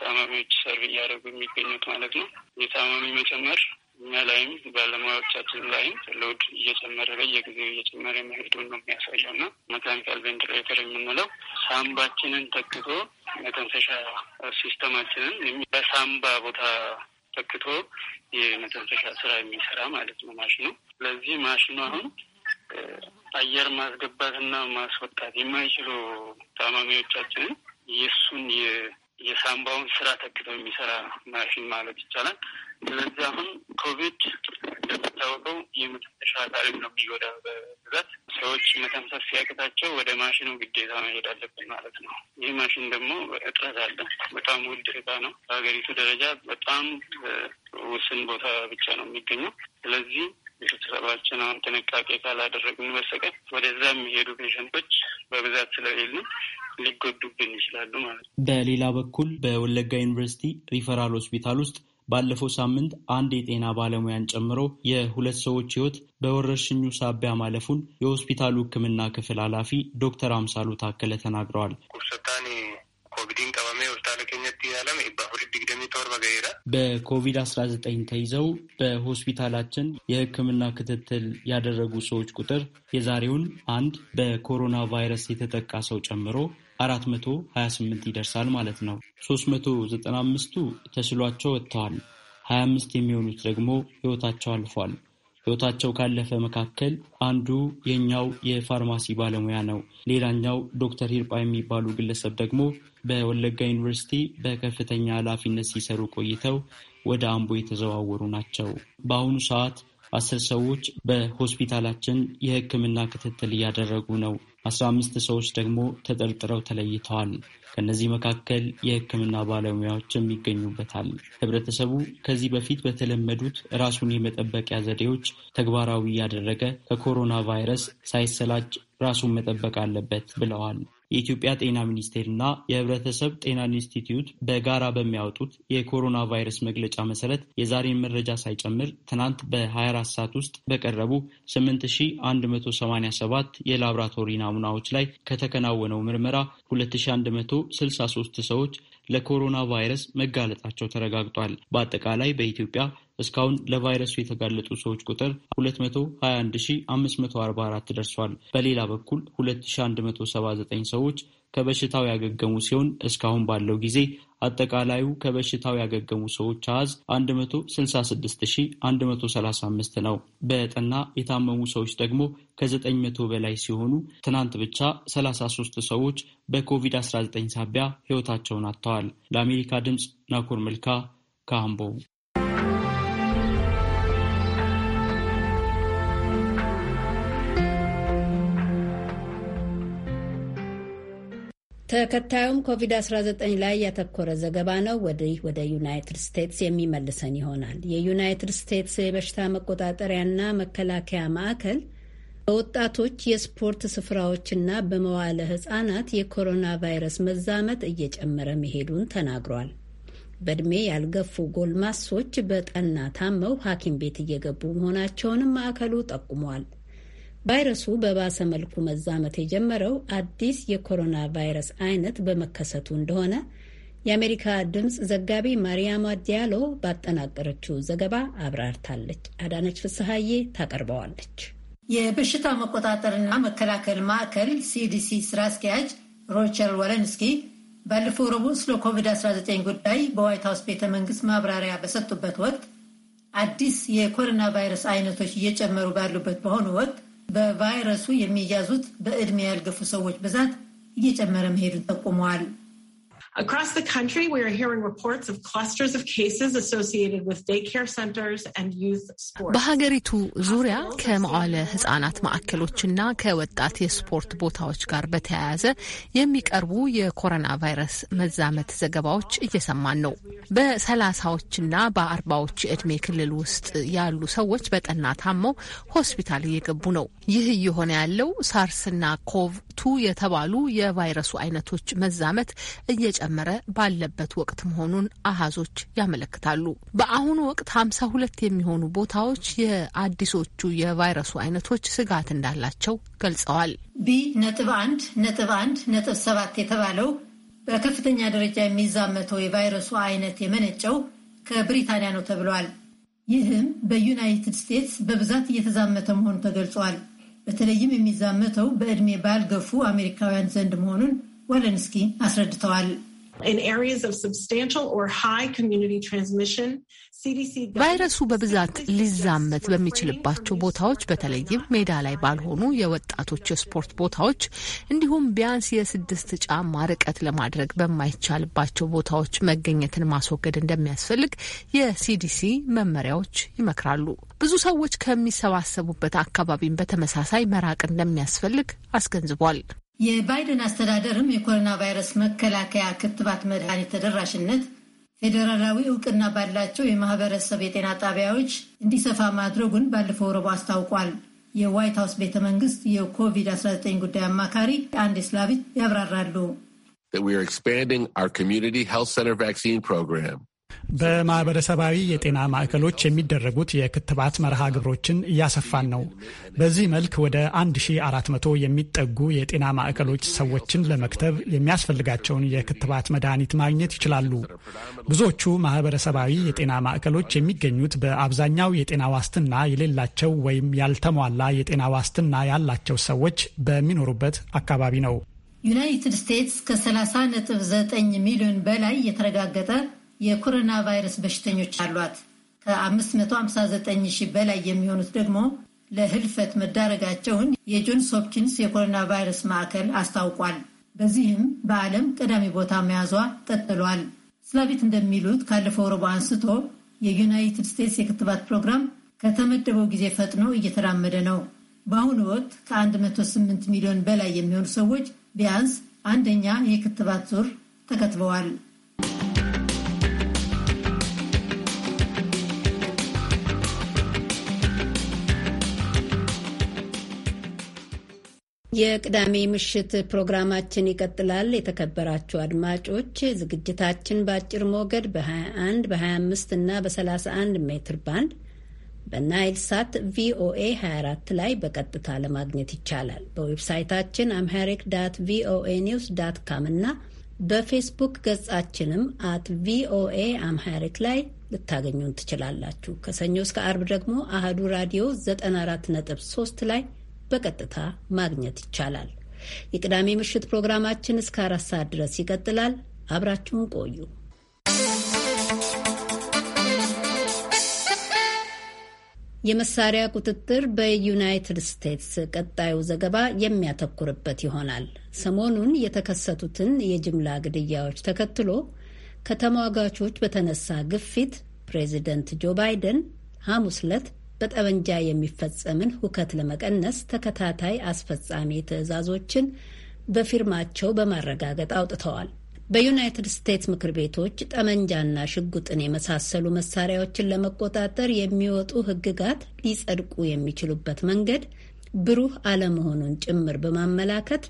ታማሚዎች ሰርቭ እያደረጉ የሚገኙት ማለት ነው። የታማሚ መጨመር እኛ ላይም ባለሙያዎቻችን ላይም ሎድ እየጨመረ በየጊዜው እየጨመረ መሄዱን ነው የሚያሳየው እና መካኒካል ቬንትሬተር የምንለው ሳምባችንን ተክቶ መተንፈሻ ሲስተማችንን በሳምባ ቦታ ተክቶ የመተንፈሻ ስራ የሚሰራ ማለት ነው ማሽኑ። ስለዚህ ማሽኑ አሁን አየር ማስገባትና ማስወጣት የማይችሉ ታማሚዎቻችንን የእሱን የሳምባውን ስራ ተክቶ የሚሰራ ማሽን ማለት ይቻላል። ስለዚህ አሁን ኮቪድ እንደምታወቀው የመተንፈሻ አካልን ነው የሚጎዳ በብዛት ሰዎች መተንፈስ ሲያቅታቸው ወደ ማሽኑ ግዴታ መሄድ አለብን ማለት ነው። ይህ ማሽን ደግሞ እጥረት አለ። በጣም ውድ እቃ ነው። በሀገሪቱ ደረጃ በጣም ውስን ቦታ ብቻ ነው የሚገኘው። ስለዚህ ቤተሰባችን አሁን ጥንቃቄ ካላደረግን በስተቀር ወደዛ የሚሄዱ ፔሸንቶች በብዛት ስለሌሉ ሊጎዱብን ይችላሉ ማለት ነው። በሌላ በኩል በወለጋ ዩኒቨርሲቲ ሪፈራል ሆስፒታል ውስጥ ባለፈው ሳምንት አንድ የጤና ባለሙያን ጨምሮ የሁለት ሰዎች ሕይወት በወረርሽኙ ሳቢያ ማለፉን የሆስፒታሉ ህክምና ክፍል ኃላፊ ዶክተር አምሳሉ ታከለ ተናግረዋል። በኮቪድ-19 ተይዘው በሆስፒታላችን የህክምና ክትትል ያደረጉ ሰዎች ቁጥር የዛሬውን አንድ በኮሮና ቫይረስ የተጠቃ ሰው ጨምሮ 428 መቶ ይደርሳል ማለት ነው። 395 መቶ ዘጠና ተስሏቸው ወጥተዋል። 25 የሚሆኑት ደግሞ ህይወታቸው አልፏል። ህይወታቸው ካለፈ መካከል አንዱ የኛው የፋርማሲ ባለሙያ ነው። ሌላኛው ዶክተር ሂርጳ የሚባሉ ግለሰብ ደግሞ በወለጋ ዩኒቨርሲቲ በከፍተኛ ኃላፊነት ሲሰሩ ቆይተው ወደ አምቦ የተዘዋወሩ ናቸው። በአሁኑ ሰዓት አስር ሰዎች በሆስፒታላችን የህክምና ክትትል እያደረጉ ነው። አስራ አምስት ሰዎች ደግሞ ተጠርጥረው ተለይተዋል። ከእነዚህ መካከል የሕክምና ባለሙያዎችም ይገኙበታል። ህብረተሰቡ ከዚህ በፊት በተለመዱት ራሱን የመጠበቂያ ዘዴዎች ተግባራዊ እያደረገ ከኮሮና ቫይረስ ሳይሰላጭ ራሱን መጠበቅ አለበት ብለዋል። የኢትዮጵያ ጤና ሚኒስቴርና የህብረተሰብ ጤና ኢንስቲትዩት በጋራ በሚያወጡት የኮሮና ቫይረስ መግለጫ መሰረት የዛሬን መረጃ ሳይጨምር ትናንት በ24 ሰዓት ውስጥ በቀረቡ 8187 የላብራቶሪ ናሙናዎች ላይ ከተከናወነው ምርመራ 2163 ሰዎች ለኮሮና ቫይረስ መጋለጣቸው ተረጋግጧል። በአጠቃላይ በኢትዮጵያ እስካሁን ለቫይረሱ የተጋለጡ ሰዎች ቁጥር 221544 ደርሷል። በሌላ በኩል 2179 ሰዎች ከበሽታው ያገገሙ ሲሆን እስካሁን ባለው ጊዜ አጠቃላዩ ከበሽታው ያገገሙ ሰዎች አሃዝ 166135 ነው። በጠና የታመሙ ሰዎች ደግሞ ከ900 በላይ ሲሆኑ ትናንት ብቻ 33 ሰዎች በኮቪድ-19 ሳቢያ ሕይወታቸውን አጥተዋል። ለአሜሪካ ድምፅ ናኮር መልካ ካምቦ ተከታዩም ኮቪድ-19 ላይ ያተኮረ ዘገባ ነው። ወዲህ ወደ ዩናይትድ ስቴትስ የሚመልሰን ይሆናል። የዩናይትድ ስቴትስ የበሽታ መቆጣጠሪያና መከላከያ ማዕከል በወጣቶች የስፖርት ስፍራዎችና በመዋለ ህጻናት የኮሮና ቫይረስ መዛመት እየጨመረ መሄዱን ተናግሯል። በእድሜ ያልገፉ ጎልማሶች በጠና ታመው ሐኪም ቤት እየገቡ መሆናቸውንም ማዕከሉ ጠቁሟል። ቫይረሱ በባሰ መልኩ መዛመት የጀመረው አዲስ የኮሮና ቫይረስ አይነት በመከሰቱ እንደሆነ የአሜሪካ ድምፅ ዘጋቢ ማሪያማ ዲያሎ ባጠናቀረችው ዘገባ አብራርታለች። አዳነች ፍስሐዬ ታቀርበዋለች። የበሽታ መቆጣጠርና መከላከል ማዕከል ሲዲሲ ስራ አስኪያጅ ሮቸር ወለንስኪ ባለፈው ረቡዕ ስለ ኮቪድ-19 ጉዳይ በዋይት ሀውስ ቤተ መንግስት ማብራሪያ በሰጡበት ወቅት አዲስ የኮሮና ቫይረስ አይነቶች እየጨመሩ ባሉበት በሆኑ ወቅት በቫይረሱ የሚያዙት በዕድሜ ያልገፉ ሰዎች ብዛት እየጨመረ መሄዱን ጠቁመዋል። Across the country, we are hearing reports of clusters of cases associated with daycare centers and youth sports. በሀገሪቱ ዙሪያ ከመዋለ ህጻናት ማዕከሎችና ከወጣት የስፖርት ቦታዎች ጋር በተያያዘ የሚቀርቡ የኮሮና ቫይረስ መዛመት ዘገባዎች እየሰማን ነው። በሰላሳዎችና በአርባዎች የዕድሜ ክልል ውስጥ ያሉ ሰዎች በጠና ታመው ሆስፒታል እየገቡ ነው። ይህ እየሆነ ያለው ሳርስና ኮቭ ቱ የተባሉ የቫይረሱ አይነቶች መዛመት እየጨ እየጨመረ ባለበት ወቅት መሆኑን አሃዞች ያመለክታሉ። በአሁኑ ወቅት ሀምሳ ሁለት የሚሆኑ ቦታዎች የአዲሶቹ የቫይረሱ አይነቶች ስጋት እንዳላቸው ገልጸዋል። ቢ ነጥብ አንድ ነጥብ አንድ ነጥብ ሰባት የተባለው በከፍተኛ ደረጃ የሚዛመተው የቫይረሱ አይነት የመነጨው ከብሪታንያ ነው ተብሏል። ይህም በዩናይትድ ስቴትስ በብዛት እየተዛመተ መሆኑ ተገልጿል። በተለይም የሚዛመተው በዕድሜ ባልገፉ አሜሪካውያን ዘንድ መሆኑን ወለንስኪ አስረድተዋል። ቫይረሱ በብዛት ሊዛመት በሚችልባቸው ቦታዎች በተለይም ሜዳ ላይ ባልሆኑ የወጣቶች የስፖርት ቦታዎች እንዲሁም ቢያንስ የስድስት ጫማ ርቀት ለማድረግ በማይቻልባቸው ቦታዎች መገኘትን ማስወገድ እንደሚያስፈልግ የሲዲሲ መመሪያዎች ይመክራሉ። ብዙ ሰዎች ከሚሰባሰቡበት አካባቢን በተመሳሳይ መራቅ እንደሚያስፈልግ አስገንዝቧል። የባይደን አስተዳደርም የኮሮና ቫይረስ መከላከያ ክትባት መድኃኒት ተደራሽነት ፌዴራላዊ እውቅና ባላቸው የማህበረሰብ የጤና ጣቢያዎች እንዲሰፋ ማድረጉን ባለፈው ረቡዕ አስታውቋል። የዋይት ሀውስ ቤተ መንግስት የኮቪድ-19 ጉዳይ አማካሪ አንድ ስላቪት ያብራራሉ። that we are expanding our community health center vaccine program በማህበረሰባዊ የጤና ማዕከሎች የሚደረጉት የክትባት መርሃ ግብሮችን እያሰፋን ነው። በዚህ መልክ ወደ 1400 የሚጠጉ የጤና ማዕከሎች ሰዎችን ለመክተብ የሚያስፈልጋቸውን የክትባት መድኃኒት ማግኘት ይችላሉ። ብዙዎቹ ማህበረሰባዊ የጤና ማዕከሎች የሚገኙት በአብዛኛው የጤና ዋስትና የሌላቸው ወይም ያልተሟላ የጤና ዋስትና ያላቸው ሰዎች በሚኖሩበት አካባቢ ነው። ዩናይትድ ስቴትስ ከ30.9 ሚሊዮን በላይ የተረጋገጠ የኮሮና ቫይረስ በሽተኞች አሏት። ከ559 ሺህ በላይ የሚሆኑት ደግሞ ለህልፈት መዳረጋቸውን የጆንስ ሆፕኪንስ የኮሮና ቫይረስ ማዕከል አስታውቋል። በዚህም በዓለም ቀዳሚ ቦታ መያዟ ቀጥሏል። ስላቤት እንደሚሉት ካለፈው ረቡዕ አንስቶ የዩናይትድ ስቴትስ የክትባት ፕሮግራም ከተመደበው ጊዜ ፈጥኖ እየተራመደ ነው። በአሁኑ ወቅት ከ108 ሚሊዮን በላይ የሚሆኑ ሰዎች ቢያንስ አንደኛ የክትባት ዙር ተከትበዋል። የቅዳሜ ምሽት ፕሮግራማችን ይቀጥላል። የተከበራችሁ አድማጮች ዝግጅታችን በአጭር ሞገድ በ21 በ25 እና በ31 ሜትር ባንድ በናይል ሳት ቪኦኤ 24 ላይ በቀጥታ ለማግኘት ይቻላል። በዌብሳይታችን አምሃሪክ ዳት ቪኦኤ ኒውስ ዳት ካም እና በፌስቡክ ገጻችንም አት ቪኦኤ አምሃሪክ ላይ ልታገኙን ትችላላችሁ። ከሰኞ እስከ አርብ ደግሞ አህዱ ራዲዮ 94.3 ላይ በቀጥታ ማግኘት ይቻላል። የቅዳሜ ምሽት ፕሮግራማችን እስከ አራት ሰዓት ድረስ ይቀጥላል። አብራችሁን ቆዩ። የመሳሪያ ቁጥጥር በዩናይትድ ስቴትስ ቀጣዩ ዘገባ የሚያተኩርበት ይሆናል። ሰሞኑን የተከሰቱትን የጅምላ ግድያዎች ተከትሎ ከተሟጋቾች በተነሳ ግፊት ፕሬዚደንት ጆ ባይደን ሐሙስ ዕለት በጠመንጃ የሚፈጸምን ሁከት ለመቀነስ ተከታታይ አስፈጻሚ ትዕዛዞችን በፊርማቸው በማረጋገጥ አውጥተዋል። በዩናይትድ ስቴትስ ምክር ቤቶች ጠመንጃና ሽጉጥን የመሳሰሉ መሳሪያዎችን ለመቆጣጠር የሚወጡ ሕግጋት ሊጸድቁ የሚችሉበት መንገድ ብሩህ አለመሆኑን ጭምር በማመላከት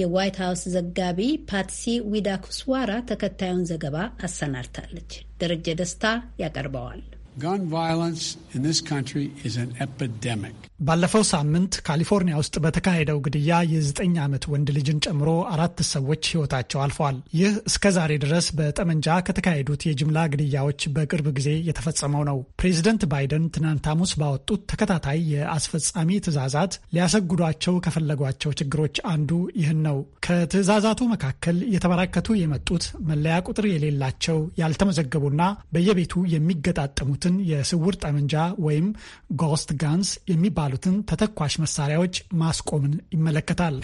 የዋይት ሀውስ ዘጋቢ ፓትሲ ዊዳኩስዋራ ተከታዩን ዘገባ አሰናድታለች። ደረጀ ደስታ ያቀርበዋል። Gun violence in this country is an epidemic. ባለፈው ሳምንት ካሊፎርኒያ ውስጥ በተካሄደው ግድያ የዘጠኝ ዓመት ወንድ ልጅን ጨምሮ አራት ሰዎች ሕይወታቸው አልፈዋል። ይህ እስከ ዛሬ ድረስ በጠመንጃ ከተካሄዱት የጅምላ ግድያዎች በቅርብ ጊዜ የተፈጸመው ነው። ፕሬዚደንት ባይደን ትናንት ሐሙስ ባወጡት ተከታታይ የአስፈጻሚ ትዕዛዛት ሊያሰጉዷቸው ከፈለጓቸው ችግሮች አንዱ ይህን ነው። ከትዕዛዛቱ መካከል የተበራከቱ የመጡት መለያ ቁጥር የሌላቸው ያልተመዘገቡና በየቤቱ የሚገጣጠሙትን የስውር ጠመንጃ ወይም ጎስት ጋንስ የሚባ የተባሉትን ተተኳሽ መሳሪያዎች ማስቆምን ይመለከታል።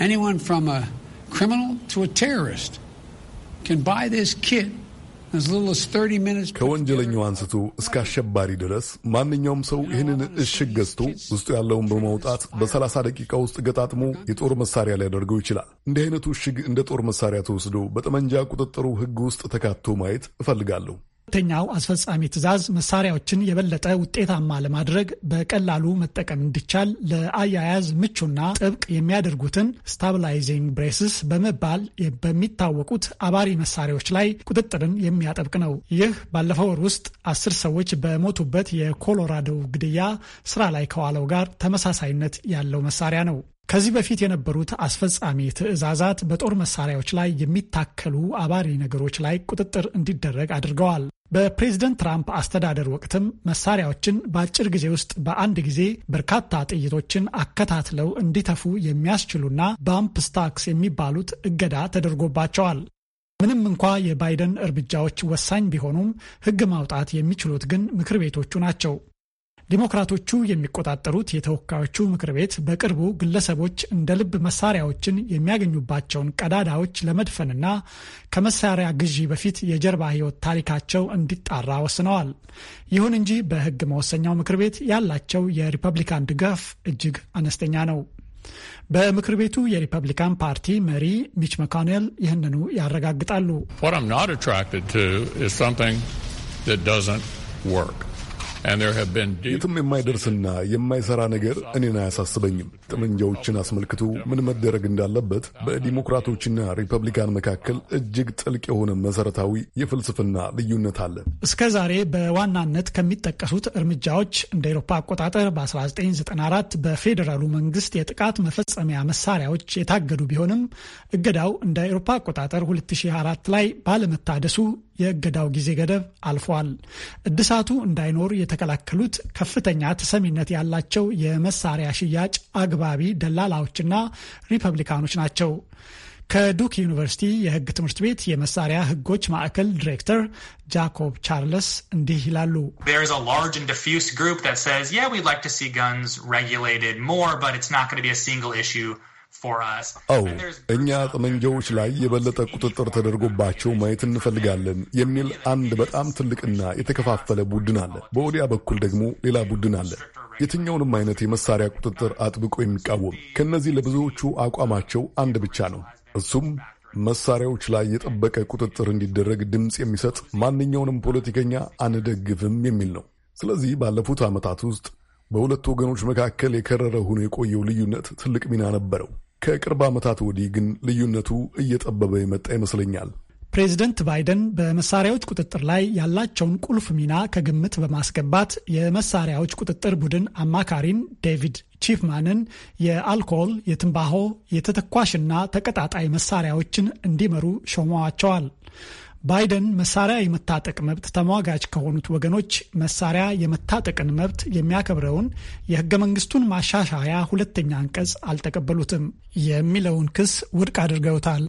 ከወንጀለኛው አንስቶ እስከ አሸባሪ ድረስ ማንኛውም ሰው ይህንን እሽግ ገዝቶ ውስጡ ያለውን በማውጣት በ30 ደቂቃ ውስጥ ገጣጥሞ የጦር መሳሪያ ሊያደርገው ይችላል። እንዲህ አይነቱ እሽግ እንደ ጦር መሳሪያ ተወስዶ በጠመንጃ ቁጥጥሩ ሕግ ውስጥ ተካቶ ማየት እፈልጋለሁ። ሁለተኛው አስፈጻሚ ትዕዛዝ መሳሪያዎችን የበለጠ ውጤታማ ለማድረግ በቀላሉ መጠቀም እንዲቻል ለአያያዝ ምቹና ጥብቅ የሚያደርጉትን ስታብላይዚንግ ብሬስስ በመባል በሚታወቁት አባሪ መሳሪያዎች ላይ ቁጥጥርን የሚያጠብቅ ነው። ይህ ባለፈው ወር ውስጥ አስር ሰዎች በሞቱበት የኮሎራዶ ግድያ ስራ ላይ ከዋለው ጋር ተመሳሳይነት ያለው መሳሪያ ነው። ከዚህ በፊት የነበሩት አስፈጻሚ ትዕዛዛት በጦር መሳሪያዎች ላይ የሚታከሉ አባሪ ነገሮች ላይ ቁጥጥር እንዲደረግ አድርገዋል። በፕሬዝደንት ትራምፕ አስተዳደር ወቅትም መሳሪያዎችን በአጭር ጊዜ ውስጥ በአንድ ጊዜ በርካታ ጥይቶችን አከታትለው እንዲተፉ የሚያስችሉና ባምፕ ስታክስ የሚባሉት እገዳ ተደርጎባቸዋል። ምንም እንኳ የባይደን እርምጃዎች ወሳኝ ቢሆኑም ሕግ ማውጣት የሚችሉት ግን ምክር ቤቶቹ ናቸው። ዲሞክራቶቹ የሚቆጣጠሩት የተወካዮቹ ምክር ቤት በቅርቡ ግለሰቦች እንደ ልብ መሳሪያዎችን የሚያገኙባቸውን ቀዳዳዎች ለመድፈንና ከመሳሪያ ግዢ በፊት የጀርባ ሕይወት ታሪካቸው እንዲጣራ ወስነዋል። ይሁን እንጂ በሕግ መወሰኛው ምክር ቤት ያላቸው የሪፐብሊካን ድጋፍ እጅግ አነስተኛ ነው። በምክር ቤቱ የሪፐብሊካን ፓርቲ መሪ ሚች መኮኔል ይህንኑ ያረጋግጣሉ። የትም የማይደርስና የማይሰራ ነገር እኔን አያሳስበኝም። ጠመንጃዎችን አስመልክቶ ምን መደረግ እንዳለበት በዲሞክራቶችና ሪፐብሊካን መካከል እጅግ ጥልቅ የሆነ መሰረታዊ የፍልስፍና ልዩነት አለ። እስከ ዛሬ በዋናነት ከሚጠቀሱት እርምጃዎች እንደ ኤሮፓ አቆጣጠር በ1994 በፌዴራሉ መንግስት የጥቃት መፈጸሚያ መሳሪያዎች የታገዱ ቢሆንም እገዳው እንደ ኤሮፓ አቆጣጠር 2004 ላይ ባለመታደሱ የእገዳው ጊዜ ገደብ አልፏል። እድሳቱ እንዳይኖር የተከላከሉት ከፍተኛ ተሰሚነት ያላቸው የመሳሪያ ሽያጭ አግባቢ ደላላዎችና ሪፐብሊካኖች ናቸው። ከዱክ ዩኒቨርሲቲ የሕግ ትምህርት ቤት የመሳሪያ ሕጎች ማዕከል ዲሬክተር ጃኮብ ቻርለስ እንዲህ ይላሉ። ኦ እኛ ጠመንጃዎች ላይ የበለጠ ቁጥጥር ተደርጎባቸው ማየት እንፈልጋለን የሚል አንድ በጣም ትልቅና የተከፋፈለ ቡድን አለ። በወዲያ በኩል ደግሞ ሌላ ቡድን አለ፣ የትኛውንም አይነት የመሳሪያ ቁጥጥር አጥብቆ የሚቃወም። ከእነዚህ ለብዙዎቹ አቋማቸው አንድ ብቻ ነው፣ እሱም መሳሪያዎች ላይ የጠበቀ ቁጥጥር እንዲደረግ ድምፅ የሚሰጥ ማንኛውንም ፖለቲከኛ አንደግፍም የሚል ነው። ስለዚህ ባለፉት ዓመታት ውስጥ በሁለቱ ወገኖች መካከል የከረረ ሆኖ የቆየው ልዩነት ትልቅ ሚና ነበረው። ከቅርብ ዓመታት ወዲህ ግን ልዩነቱ እየጠበበ የመጣ ይመስለኛል። ፕሬዚደንት ባይደን በመሳሪያዎች ቁጥጥር ላይ ያላቸውን ቁልፍ ሚና ከግምት በማስገባት የመሳሪያዎች ቁጥጥር ቡድን አማካሪን ዴቪድ ቺፍማንን የአልኮል፣ የትንባሆ፣ የተተኳሽና ተቀጣጣይ መሳሪያዎችን እንዲመሩ ሾመዋቸዋል። ባይደን መሳሪያ የመታጠቅ መብት ተሟጋጅ ከሆኑት ወገኖች መሳሪያ የመታጠቅን መብት የሚያከብረውን የህገ መንግስቱን ማሻሻያ ሁለተኛ አንቀጽ አልተቀበሉትም የሚለውን ክስ ውድቅ አድርገውታል።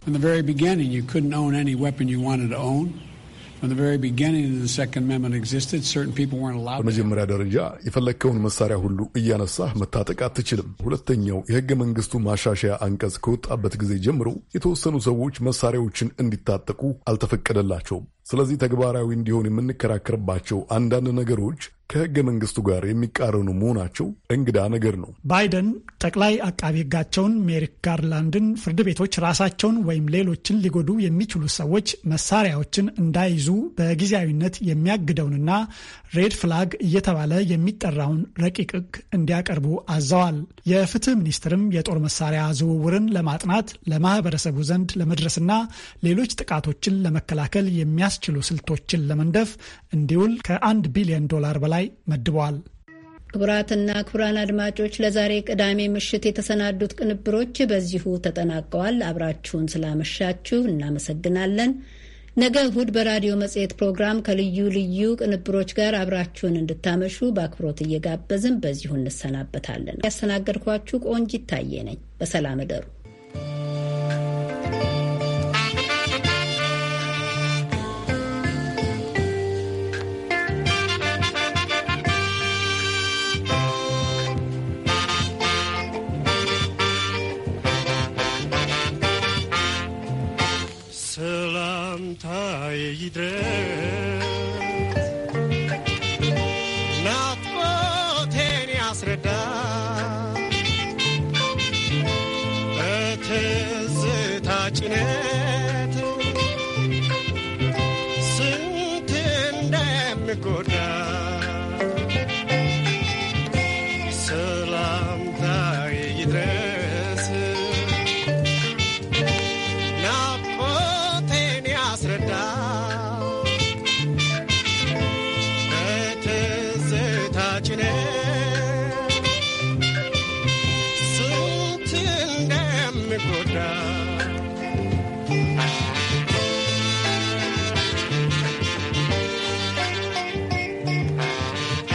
በመጀመሪያ ደረጃ የፈለግከውን መሳሪያ ሁሉ እያነሳህ መታጠቅ አትችልም። ሁለተኛው የሕገ መንግሥቱ ማሻሻያ አንቀጽ ከወጣበት ጊዜ ጀምሮ የተወሰኑ ሰዎች መሳሪያዎችን እንዲታጠቁ አልተፈቀደላቸውም። ስለዚህ ተግባራዊ እንዲሆን የምንከራከርባቸው አንዳንድ ነገሮች ከህገ መንግስቱ ጋር የሚቃረኑ መሆናቸው እንግዳ ነገር ነው። ባይደን ጠቅላይ አቃቢ ህጋቸውን ሜሪክ ጋርላንድን ፍርድ ቤቶች ራሳቸውን ወይም ሌሎችን ሊጎዱ የሚችሉ ሰዎች መሳሪያዎችን እንዳይዙ በጊዜያዊነት የሚያግደውንና ሬድ ፍላግ እየተባለ የሚጠራውን ረቂቅ እንዲያቀርቡ አዘዋል። የፍትህ ሚኒስትርም የጦር መሳሪያ ዝውውርን ለማጥናት ለማህበረሰቡ ዘንድ ለመድረስና ሌሎች ጥቃቶችን ለመከላከል የሚያስ የሚያስችሉ ስልቶችን ለመንደፍ እንዲውል ከአንድ ቢሊዮን ዶላር በላይ መድበዋል። ክቡራትና ክቡራን አድማጮች ለዛሬ ቅዳሜ ምሽት የተሰናዱት ቅንብሮች በዚሁ ተጠናቀዋል። አብራችሁን ስላመሻችሁ እናመሰግናለን። ነገ እሁድ በራዲዮ መጽሔት ፕሮግራም ከልዩ ልዩ ቅንብሮች ጋር አብራችሁን እንድታመሹ በአክብሮት እየጋበዝን በዚሁ እንሰናበታለን። ያስተናገድኳችሁ ቆንጂት ታዬ ነኝ። በሰላም እደሩ። 다이래